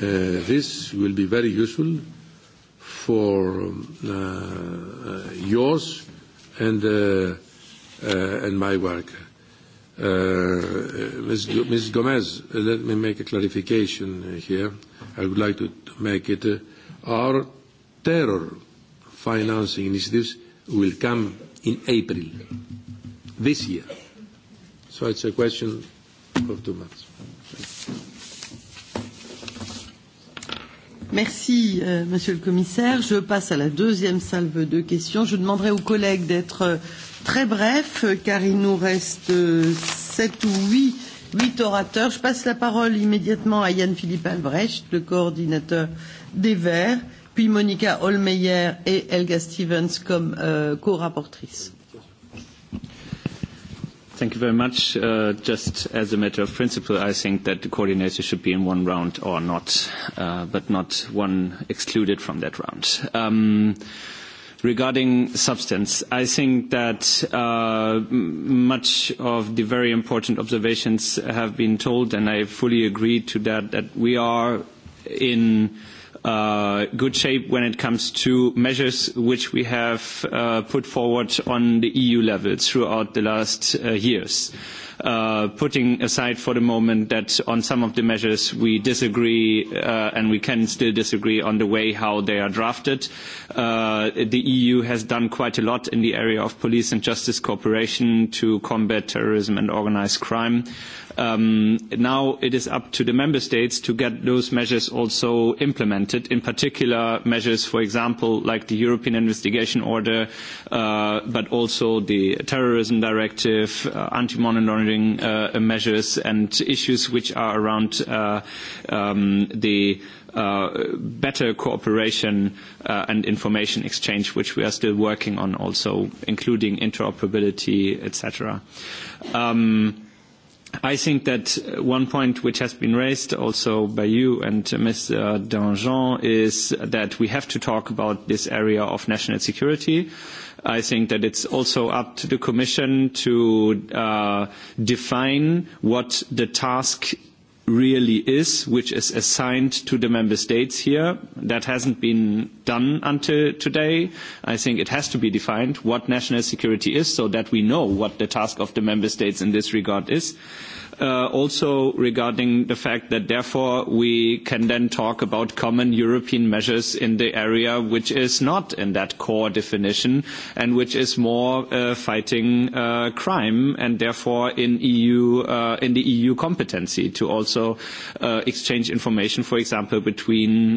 This will be very useful for yours and and my work. Ms. Gomez, let me make a clarification here. I would like to make it. Our terror financing initiatives will come in April this year. So it's a question of two months. Merci, Monsieur le Commissaire. Je passe à la deuxième salve de questions. Je demanderai aux collègues d'être très brefs, car il nous reste sept ou huit, huit orateurs. Je passe la parole immédiatement à Yann-Philippe Albrecht, le coordinateur des Verts, puis Monica Holmeyer et Helga Stevens comme co-rapportrices. Thank you very much. Just as a matter of principle, I think that the coordinator should be in one round or not, but not one excluded from that round. Regarding substance, I think that much of the very important observations have been told, and I fully agree to that, that we are in good shape when it comes to measures which we have put forward on the EU level throughout the last years. Putting aside for the moment that on some of the measures we disagree and we can still disagree on the way how they are drafted, the EU has done quite a lot in the area of police and justice cooperation to combat terrorism and organised crime. Now it is up to the member states to get those measures also implemented, in particular measures, for example, like the European Investigation Order, but also the Terrorism Directive, anti-money laundering measures and issues which are around the better cooperation and information exchange, which we are still working on also, including interoperability, etc. I think that one point which has been raised also by you and Mr. Danjean is that we have to talk about this area of national security. I think that it's also up to the Commission to define what the task really is, which is assigned to the member states here. That hasn't been done until today. I think it has to be defined what national security is so that we know what the task of the member states in this regard is also regarding the fact that therefore we can then talk about common European measures in the area which is not in that core definition and which is more fighting crime and therefore in the EU competency to also exchange information, for example, between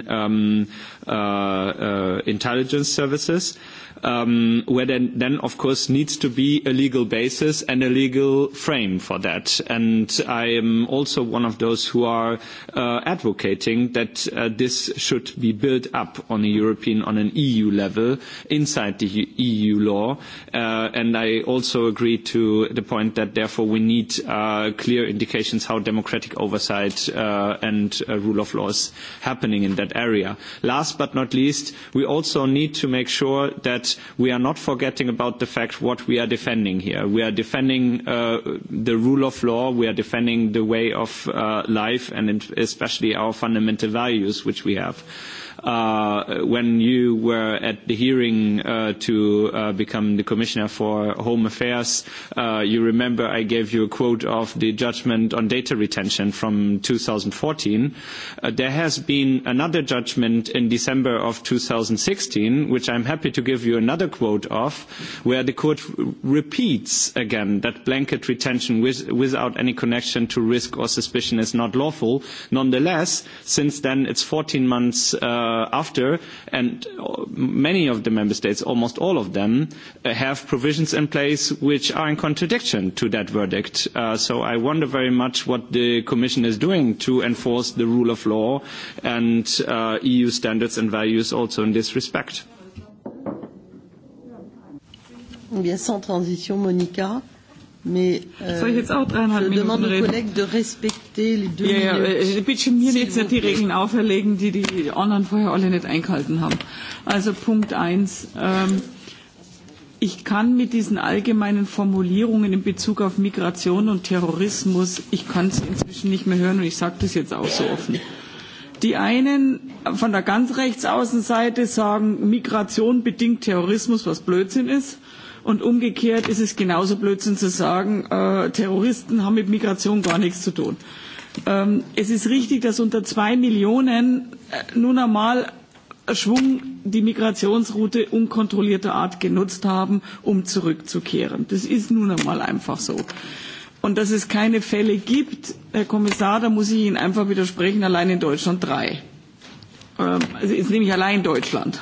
intelligence services where then of course needs to be a legal basis and a legal frame for that. And I am also one of those who are advocating that this should be built up on a European, on an EU level inside the EU law. And I also agree to the point that therefore we need clear indications how democratic oversight and rule of law is happening in that area. Last but not least, we also need to make sure that we are not forgetting about the fact what we are defending here. We are defending the rule of law, we are defending the way of life and especially our fundamental values which we have when you were at the hearing to become the Commissioner for Home Affairs, you remember I gave you a quote of the judgment on data retention from 2014. There has been another judgment in December of 2016, which I'm happy to give you another quote of, where the Court repeats again that blanket retention without any connection to risk or suspicion is not lawful. Nonetheless, since then, it's 14 months after and many of the member states almost all of them have provisions in place which are in contradiction to that verdict so i wonder very much what the commission is doing to enforce the rule of law and eu standards and values also in this respect bien sans transition monica Mais je jetzt auch de les deux Bitte mir jetzt nicht die Regeln auferlegen, die die anderen vorher alle nicht eingehalten haben. Also Punkt 1. Ich kann mit diesen allgemeinen Formulierungen in Bezug auf Migration und Terrorismus, ich kann es inzwischen nicht mehr hören und ich sage das jetzt auch so offen. Die einen von der ganz Rechtsaußenseite sagen, Migration bedingt Terrorismus, was Blödsinn ist Und umgekehrt ist es genauso Blödsinn zu sagen, Terroristen haben mit Migration gar nichts zu tun. Es ist richtig, dass unter zwei Millionen nun einmal Schwung die Migrationsroute unkontrollierter Art genutzt haben, um zurückzukehren. Das ist nun einmal einfach so. Und dass es keine Fälle gibt, Herr Kommissar, da muss ich Ihnen einfach widersprechen, allein in Deutschland drei. Also ist nämlich allein Deutschland.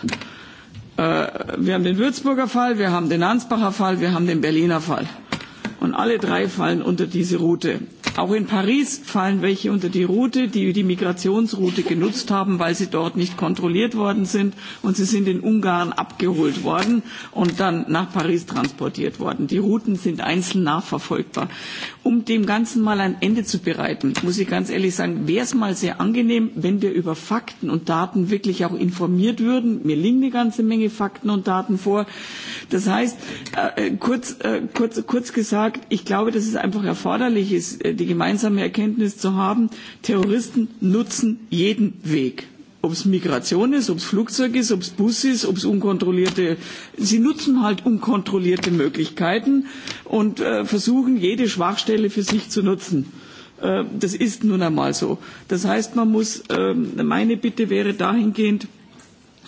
Wir haben den Würzburger Fall, wir haben den Ansbacher Fall, wir haben den Berliner Fall und alle drei fallen unter diese route. auch in paris fallen welche unter die route die die migrationsroute genutzt haben weil sie dort nicht kontrolliert worden sind und sie sind in ungarn abgeholt worden und dann nach paris transportiert worden. die routen sind einzeln nachverfolgbar. um dem ganzen mal ein ende zu bereiten muss ich ganz ehrlich sagen wäre es mal sehr angenehm wenn wir über fakten und daten wirklich auch informiert würden. mir liegen eine ganze menge fakten und daten vor. das heißt kurz gesagt ich glaube, dass es einfach erforderlich ist, die gemeinsame Erkenntnis zu haben, Terroristen nutzen jeden Weg. Ob es Migration ist, ob es Flugzeug ist, ob es Bus ist, ob es unkontrollierte. Sie nutzen halt unkontrollierte Möglichkeiten und versuchen, jede Schwachstelle für sich zu nutzen. Das ist nun einmal so. Das heißt, man muss, meine Bitte wäre dahingehend,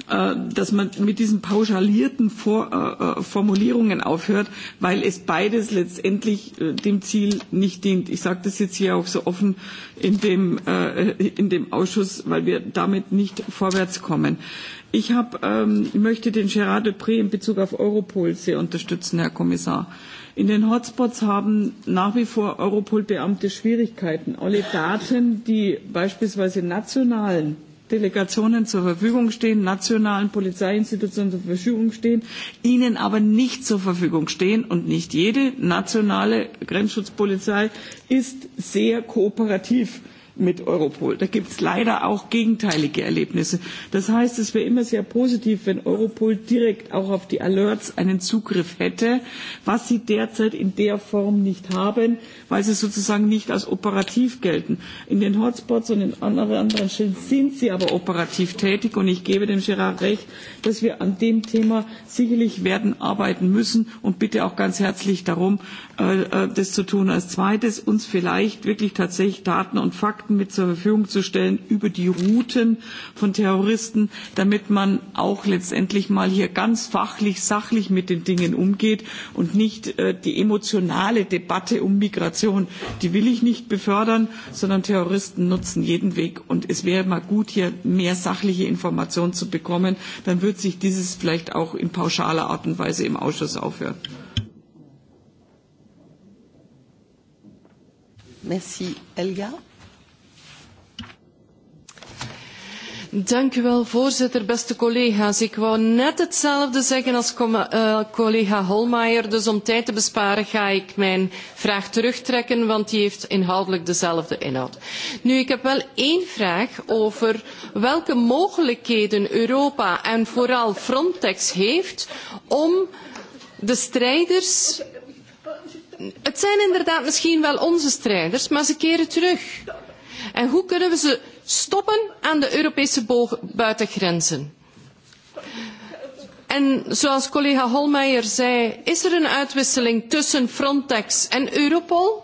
dass man mit diesen pauschalierten Formulierungen aufhört, weil es beides letztendlich dem Ziel nicht dient. Ich sage das jetzt hier auch so offen in dem Ausschuss, weil wir damit nicht vorwärts kommen. Ich möchte den Gerard Pre in Bezug auf Europol sehr unterstützen, Herr Kommissar. In den Hotspots haben nach wie vor Europol-Beamte Schwierigkeiten. Alle Daten, die beispielsweise nationalen Delegationen zur Verfügung stehen, nationalen Polizeiinstitutionen zur Verfügung stehen, ihnen aber nicht zur Verfügung stehen. Und nicht jede nationale Grenzschutzpolizei ist sehr kooperativ mit Europol. Da gibt es leider auch gegenteilige Erlebnisse. Das heißt, es wäre immer sehr positiv, wenn Europol direkt auch auf die Alerts einen Zugriff hätte, was sie derzeit in der Form nicht haben, weil sie sozusagen nicht als operativ gelten. In den Hotspots und in anderen Stellen sind sie aber operativ tätig und ich gebe dem Gerard recht, dass wir an dem Thema sicherlich werden arbeiten müssen und bitte auch ganz herzlich darum, das zu tun. Als zweites uns vielleicht wirklich tatsächlich Daten und Fakten mit zur Verfügung zu stellen über die Routen von Terroristen, damit man auch letztendlich mal hier ganz fachlich, sachlich mit den Dingen umgeht und nicht die emotionale Debatte um Migration, die will ich nicht befördern, sondern Terroristen nutzen jeden Weg. Und es wäre mal gut, hier mehr sachliche Informationen zu bekommen. Dann wird sich dieses vielleicht auch in pauschaler Art und Weise im Ausschuss aufhören. Dank u wel, voorzitter, beste collega's. Ik wou net hetzelfde zeggen als collega Holmeijer, dus om tijd te besparen ga ik mijn vraag terugtrekken, want die heeft inhoudelijk dezelfde inhoud. Nu, ik heb wel één vraag over welke mogelijkheden Europa en vooral Frontex heeft om de strijders het zijn inderdaad misschien wel onze strijders, maar ze keren terug. En hoe kunnen we ze stoppen aan de Europese buitengrenzen? En zoals collega Holmeijer zei, is er een uitwisseling tussen Frontex en Europol.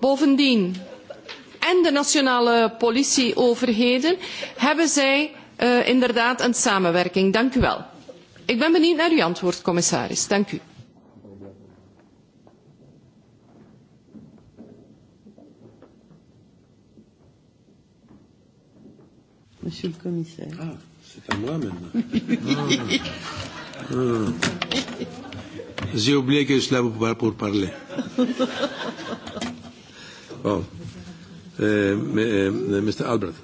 Bovendien, en de nationale politieoverheden, hebben zij inderdaad een samenwerking. Dank u wel. Ik ben benieuwd naar uw antwoord, commissaris. Monsieur le commissaire. Ah, c'est à moi maintenant. J'ai oublié que je suis là pour parler. Bon. euh, Mr. Albert,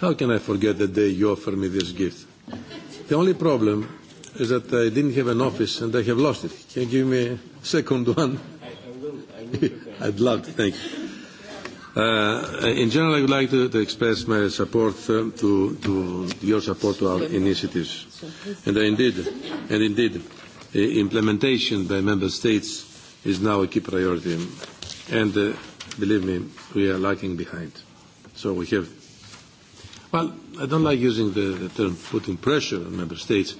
how can I forget the day you offered me this gift? The only problem is that I didn't have an office and I have lost it. Can you give me a second one? I will. I I'd love to. Thank you. In general, I would like to express my support to your support to our initiatives. And indeed, and indeed, implementation by member states is now a key priority. And believe me, we are lagging behind. So we have. Well, I don't like using the term putting pressure on member states,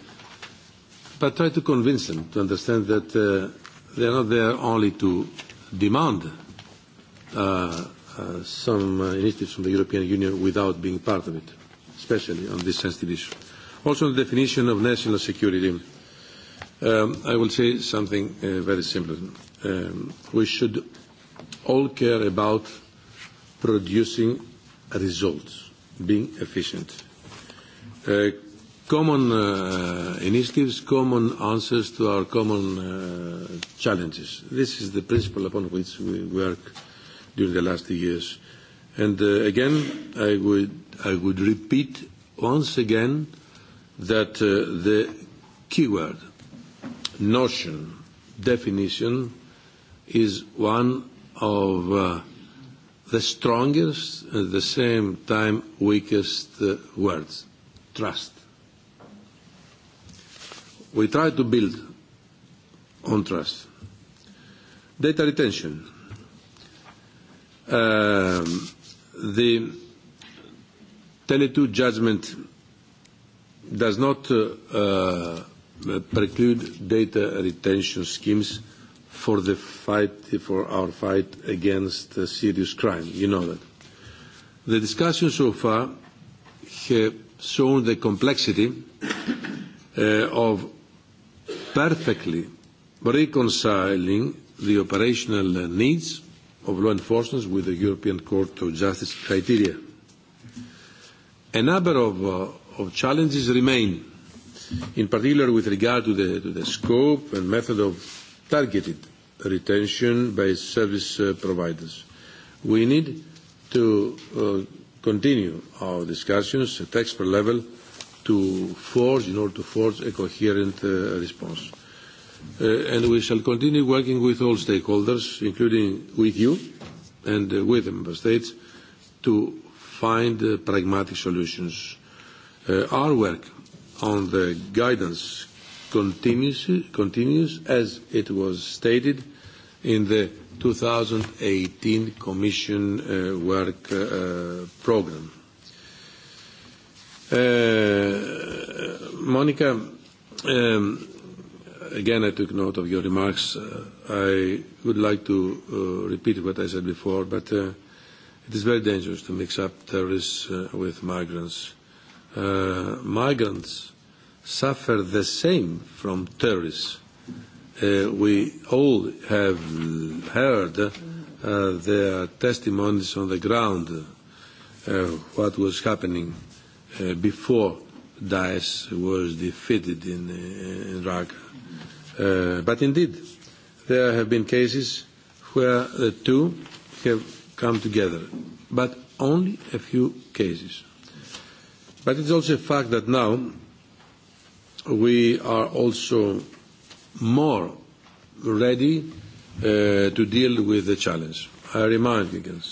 but try to convince them to understand that they are not there only to demand some initiatives from the European Union without being part of it, especially on this sensitive issue. Also, the definition of national security. I will say something very simple. We should all care about producing results, being efficient. Common initiatives, common answers to our common challenges. This is the principle upon which we work during the last years. And again, I would I would repeat once again that the keyword, notion, definition is one of the strongest and at the same time weakest words, trust. We try to build on trust. Data retention The Tele2 judgment does not preclude data retention schemes for the fight for our fight against serious crime. You know that. The discussions so far have shown the complexity of perfectly reconciling the operational needs of law enforcement with the European Court of Justice criteria. A number of challenges remain, in particular with regard to the scope and method of targeted retention by service providers. We need to continue our discussions at expert level to forge, in order to forge a coherent response and we shall continue working with all stakeholders, including with you and with the Member States, to find pragmatic solutions. Our work on the guidance continues as it was stated in the 2018 Commission work programme. Monica, Again, I took note of your remarks. I would like to repeat what I said before, but it is very dangerous to mix up terrorists with migrants. Migrants suffer the same from terrorists. We all have heard their testimonies on the ground, what was happening before Daesh was defeated in Iraq But indeed, there have been cases where the two have come together, but only a few cases. But it's also a fact that now we are also more ready to deal with the challenge. I remind you again,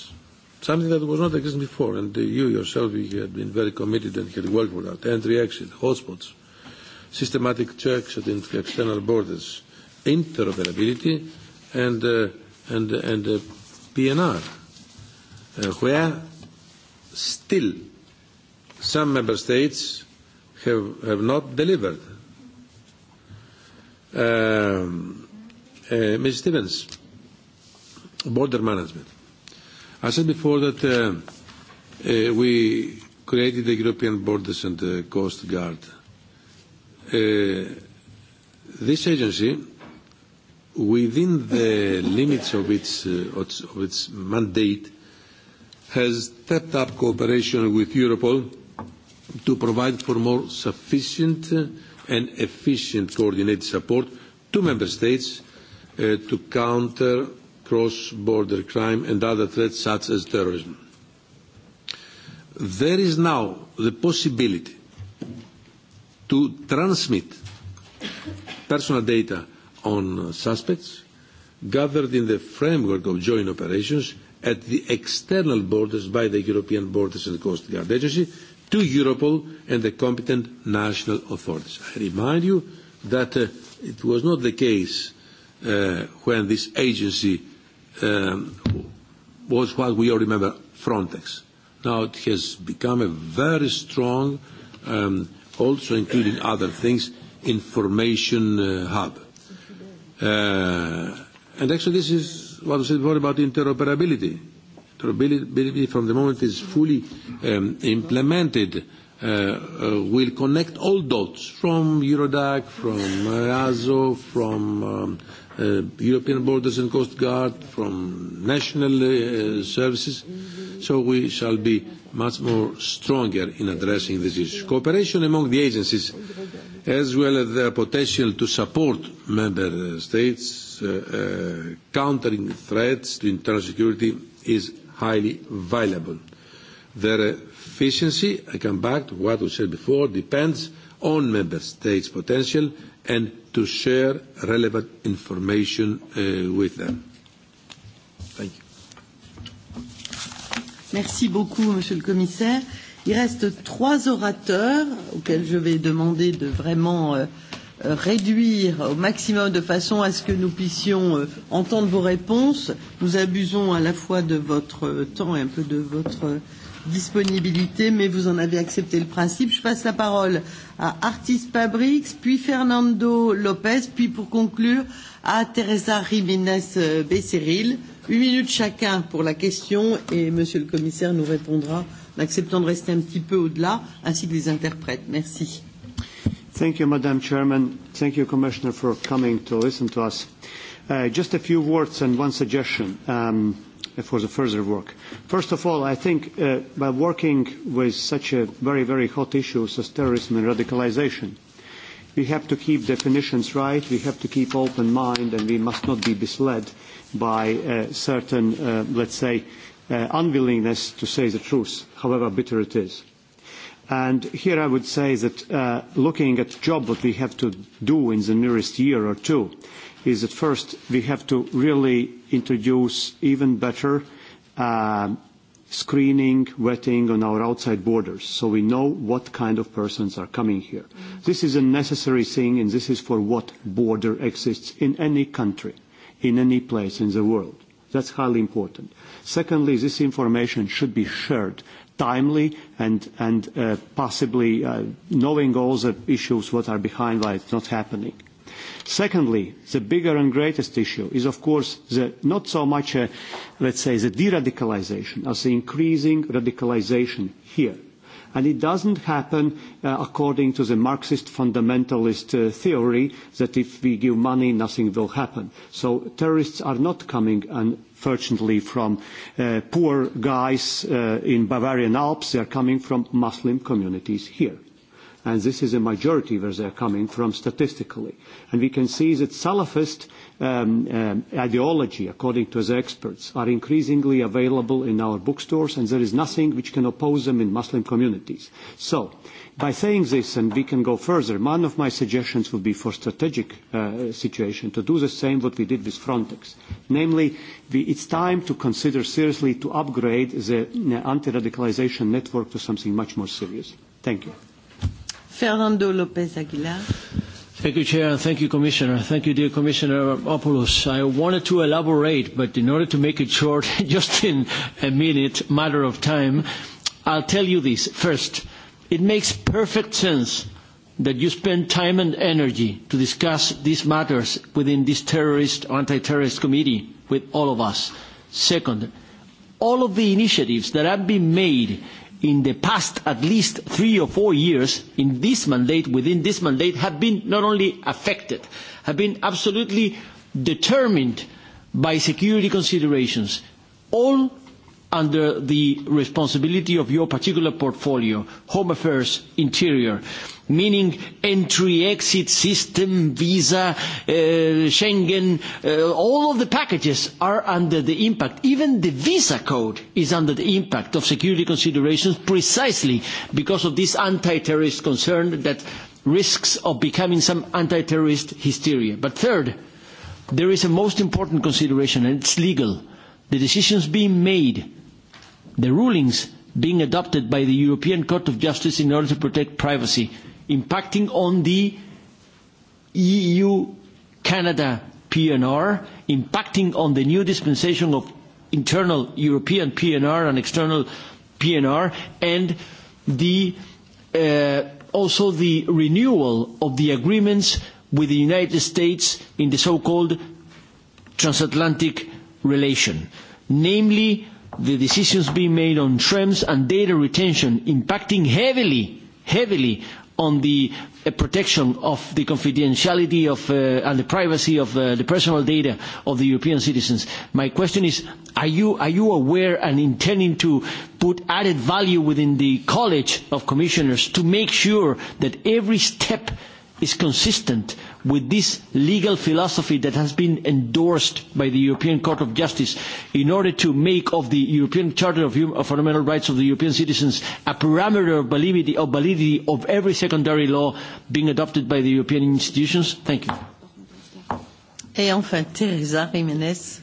something that was not existing before, and you yourself you had been very committed and had worked for that, entry-exit, hotspots systematic checks at external borders, interoperability, and PNR, where still some member states have not delivered. Ms. Stevens, border management. I said before that we created the European Borders and Coast Guard This agency, within the limits of its mandate, has stepped up cooperation with Europol to provide for more sufficient and efficient coordinated support to Member States to counter cross-border crime and other threats such as terrorism. There is now the possibility to transmit personal data on suspects gathered in the framework of joint operations at the external borders by the European Borders and Coast Guard Agency to Europol and the competent national authorities. I remind you that it was not the case when this agency was what we all remember Frontex. Now it has become a very strong also including other things, information hub. And actually this is what I said before about interoperability. Interoperability from the moment is fully implemented will connect all dots from Eurodac, from ASO from European Borders and Coast Guard, from national services. So we shall be much more stronger in addressing this issue. Cooperation among the agencies, as well as their potential to support member states countering threats to internal security, is highly valuable. Their efficiency, I come back to what we said before, depends on member states' potential and to share relevant information with them. Thank you. Merci beaucoup, Monsieur le Commissaire. Il reste trois orateurs auxquels je vais demander de vraiment réduire au maximum de façon à ce que nous puissions entendre vos réponses. Nous abusons à la fois de votre temps et un peu de votre disponibilité, mais vous en avez accepté le principe. Je passe la parole à Artis Pabrix, puis Fernando Lopez, puis pour conclure à Teresa Jiménez Becerril. Une minute chacun pour la question et Monsieur le Commissaire nous répondra en acceptant de rester un petit peu au-delà, ainsi que les interprètes. Merci. Thank you, Madam Chairman. Thank you, Commissioner, for coming to listen to us. Just a few words and one suggestion for the further work. First of all, I think by working with such a very, very hot issue as terrorism and radicalisation, we have to keep definitions right, we have to keep open mind, and we must not be misled by certain, let's say, unwillingness to say the truth, however bitter it is. And here I would say that looking at the job that we have to do in the nearest year or two is that first we have to really introduce even better screening, vetting on our outside borders so we know what kind of persons are coming here. This is a necessary thing and this is for what border exists in any country, in any place in the world. That's highly important. Secondly, this information should be shared timely and possibly knowing all the issues what are behind why it's not happening. Secondly, the bigger and greatest issue is, of course, the not so much, let's say, the de-radicalization as the increasing radicalization here. And it doesn't happen according to the Marxist fundamentalist theory that if we give money, nothing will happen. So terrorists are not coming and fortunately from poor guys in Bavarian Alps. They are coming from Muslim communities here. And this is a majority where they are coming from statistically. And we can see that Salafist ideology, according to the experts, are increasingly available in our bookstores, and there is nothing which can oppose them in Muslim communities. So By saying this, and we can go further, one of my suggestions would be for strategic situation to do the same what we did with Frontex. Namely, it's time to consider seriously to upgrade the anti-radicalization network to something much more serious. Thank you. Fernando Lopez Aguilar. Thank you, Chair. Thank you, Commissioner. Thank you, dear Commissioner Opoulos. I wanted to elaborate, but in order to make it short, just in a minute, matter of time, I'll tell you this. First, It makes perfect sense that you spend time and energy to discuss these matters within this terrorist or anti-terrorist committee with all of us. Second, all of the initiatives that have been made in the past at least three or four years in this mandate, within this mandate, have been not only affected, have been absolutely determined by security considerations. All under the responsibility of your particular portfolio, Home Affairs, Interior, meaning entry-exit system, visa, Schengen, all of the packages are under the impact. Even the visa code is under the impact of security considerations precisely because of this anti-terrorist concern that risks of becoming some anti-terrorist hysteria. But third, there is a most important consideration, and it's legal. The decisions being made the rulings being adopted by the European Court of Justice in order to protect privacy, impacting on the EU-Canada PNR, impacting on the new dispensation of internal European PNR and external PNR, and also the renewal of the agreements with the United States in the so-called transatlantic relation, namely the decisions being made on trends and data retention impacting heavily, heavily on the protection of the confidentiality of and the privacy of the personal data of the European citizens. My question is, are you aware and intending to put added value within the College of Commissioners to make sure that every step is consistent with this legal philosophy that has been endorsed by the European Court of Justice in order to make of the European Charter of Fundamental Rights of the European Citizens a parameter of validity of every secondary law being adopted by the European institutions? Thank you. enfin, Teresa gracias.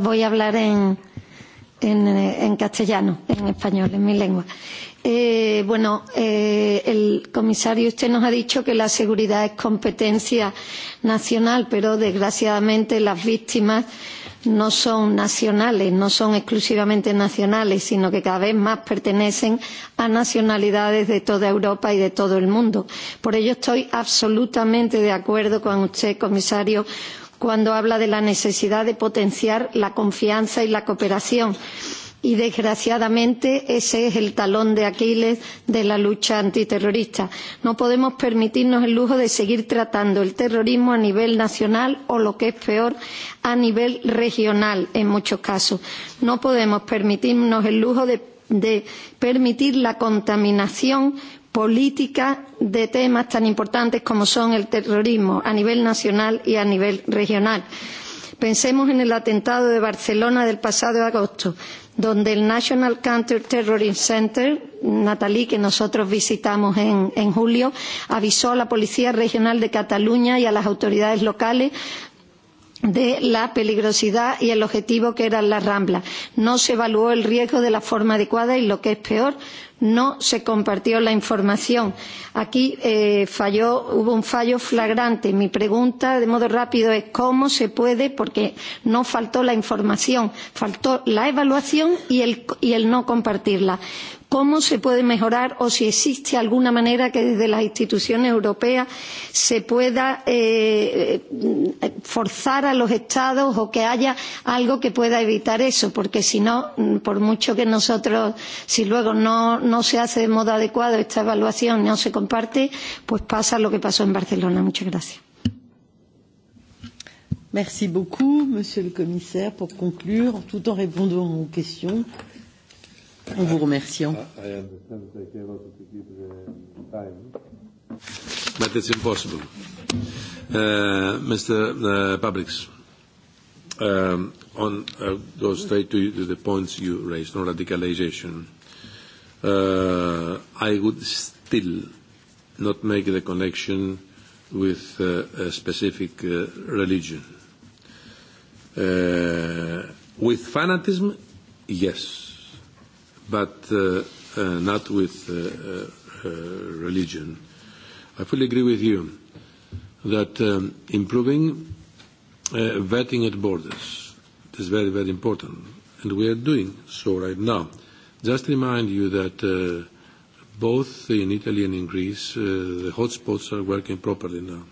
Voy a hablar en en castellano, en español, en mi lengua. Bueno, el comisario usted nos ha dicho que la seguridad es competencia nacional, pero desgraciadamente las víctimas no son nacionales, no son exclusivamente nacionales, sino que cada vez más pertenecen a nacionalidades de toda Europa y de todo el mundo. Por ello estoy absolutamente de acuerdo con usted, comisario cuando habla de la necesidad de potenciar la confianza y la cooperación y desgraciadamente ese es el talón de Aquiles de la lucha antiterrorista. No podemos permitirnos el lujo de seguir tratando el terrorismo a nivel nacional o, lo que es peor, a nivel regional en muchos casos. No podemos permitirnos el lujo de permitir la contaminación política de temas tan importantes como son el terrorismo a nivel nacional y a nivel regional. Pensemos en el atentado de Barcelona del pasado agosto, donde el National Counter Terrorism Center, Natalie, que nosotros visitamos en julio, avisó a la Policía Regional de Cataluña y a las autoridades locales de la peligrosidad y el objetivo que eran las Rambla. No se evaluó el riesgo de la forma adecuada y, lo que es peor, no se compartió la información. Aquí falló, hubo un fallo flagrante. Mi pregunta, de modo rápido, es cómo se puede, porque no faltó la información, faltó la evaluación y el no compartirla. ¿Cómo se puede mejorar o si existe alguna manera que desde las instituciones europeas se pueda forzar a los Estados o que haya algo que pueda evitar eso? Porque si no, por mucho que nosotros, si luego no no se hace de modo adecuado esta evaluación, no se comparte, pues pasa lo que pasó en Barcelona. Muchas gracias. Merci beaucoup, Monsieur le Commissaire, pour conclure, tout en répondant aux questions, en vous remerciant. But it's impossible. Mr. um, on go straight to the points you raised on radicalization. I would still not make the connection with a specific religion. With fanatism, yes, but not with religion. I fully agree with you that improving vetting at borders is very, very important, and we are doing so right now. Just remind you that both in Italy and in Greece the hotspots are working properly now.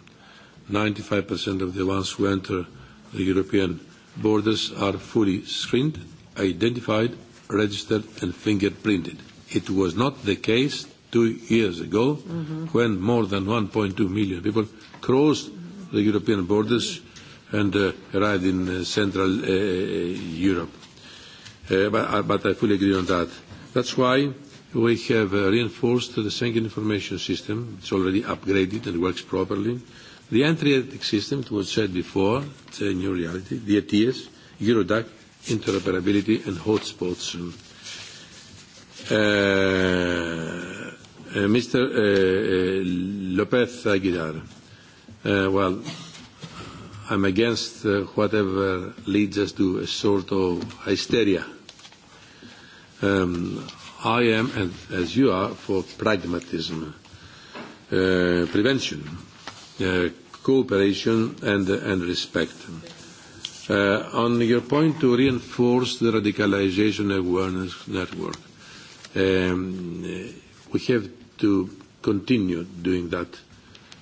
95% of the ones who enter the European borders are fully screened, identified, registered and fingerprinted. It was not the case two years ago when more than 1.2 million people crossed the European borders and arrived in Central Europe. But I fully agree on that. That's why we have reinforced the Schengen information system. It's already upgraded and works properly. The entry system, it was said before, it's a new reality, the ATS, Eurodac, interoperability and hotspots. Mr. Lopez Aguilar, well, I'm against whatever leads us to a sort of hysteria I am, and as you are, for pragmatism, prevention, cooperation and respect. On your point to reinforce the radicalization awareness network, we have to continue doing that.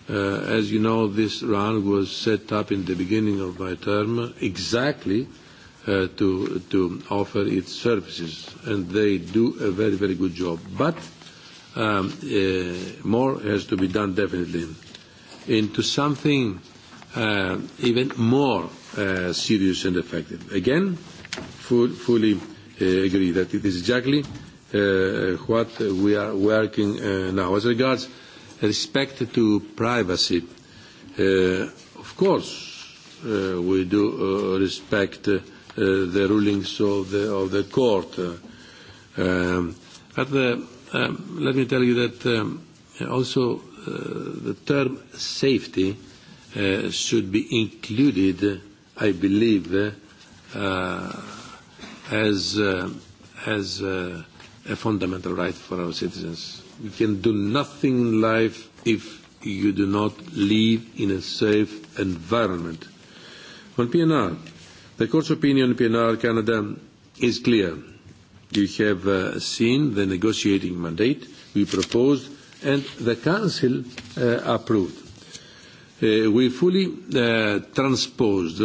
As you know, this round was set up in the beginning of my term exactly to to offer its services and they do a very very good job but more has to be done definitely into something even more serious and effective again fully agree that it is exactly what we are working now as regards respect to privacy of course we do respect the rulings of the of the court. But let me tell you that also the term safety should be included, I believe, as as a fundamental right for our citizens. You can do nothing in life if you do not live in a safe environment. On PNR The Court's opinion in PNR Canada is clear. You have seen the negotiating mandate we proposed and the Council approved. We fully transposed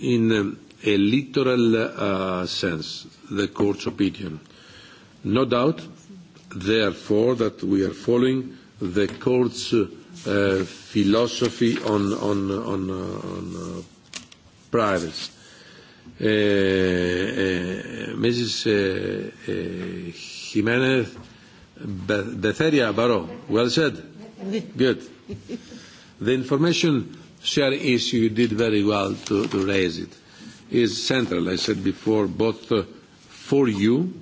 in a literal sense the Court's opinion. No doubt, therefore, that we are following the Court's philosophy on privacy Mrs. Jimenez Betheria Barrow. Well said. Good. The information share issue, you did very well to, to raise it, is central, I said before, both for you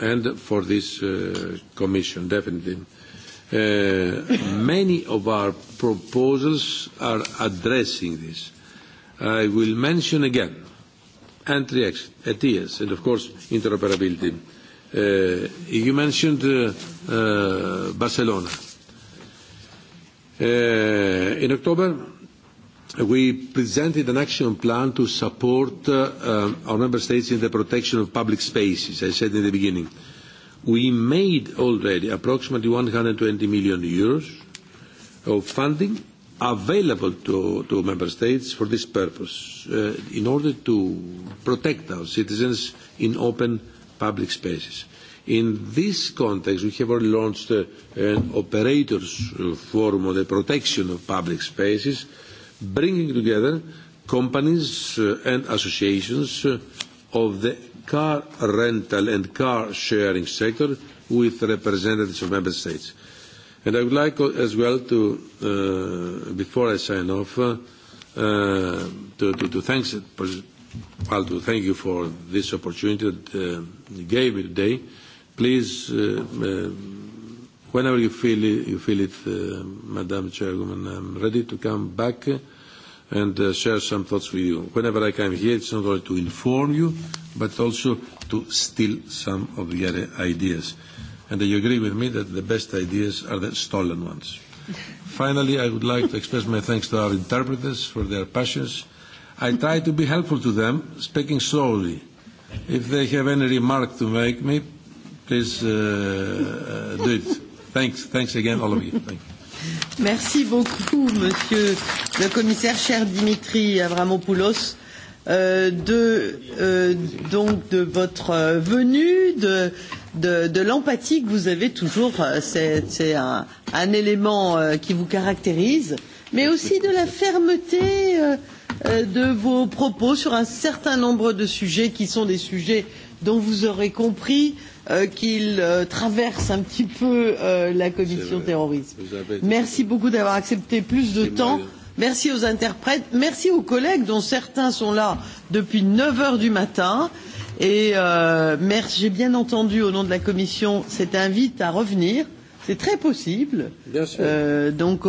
and for this Commission, definitely. Many of our proposals are addressing this. I will mention again and ETIAS, and of course interoperability. You mentioned Barcelona. In October, we presented an action plan to support our member states in the protection of public spaces. I said in the beginning, we made already approximately 120 million euros of funding available to member states for this purpose in order to protect our citizens in open public spaces. In this context we have already launched an operators forum on the protection of public spaces bringing together companies and associations of the car rental and car sharing sector with representatives of member states. And I would like as well to, before I sign off, to thank well to thank you for this opportunity that you gave me today. Please, whenever you feel it, you feel it, Madam Chairwoman, I'm ready to come back and share some thoughts with you. Whenever I come here, it's not only to inform you, but also to steal some of the other ideas and they agree with me that the best ideas are the stolen ones. Finally, I would like to express my thanks to our interpreters for their passions. I try to be helpful to them, speaking slowly. If they have any remark to make me, please uh, do it. Thanks, thanks again, all of you. Thank you. Merci beaucoup, Monsieur le Commissaire, cher Dimitri Avramopoulos, de donc de votre venue, de de l'empathie que vous avez toujours, c'est un élément qui vous caractérise, mais aussi de la fermeté de vos propos sur un certain nombre de sujets qui sont des sujets dont vous aurez compris qu'ils traversent un petit peu la commission terrorisme. Merci beaucoup d'avoir accepté plus de temps. Merci aux interprètes. Merci aux collègues dont certains sont là depuis 9 heures du matin Et j'ai bien entendu au nom de la Commission cette invite à revenir. C'est très possible. Donc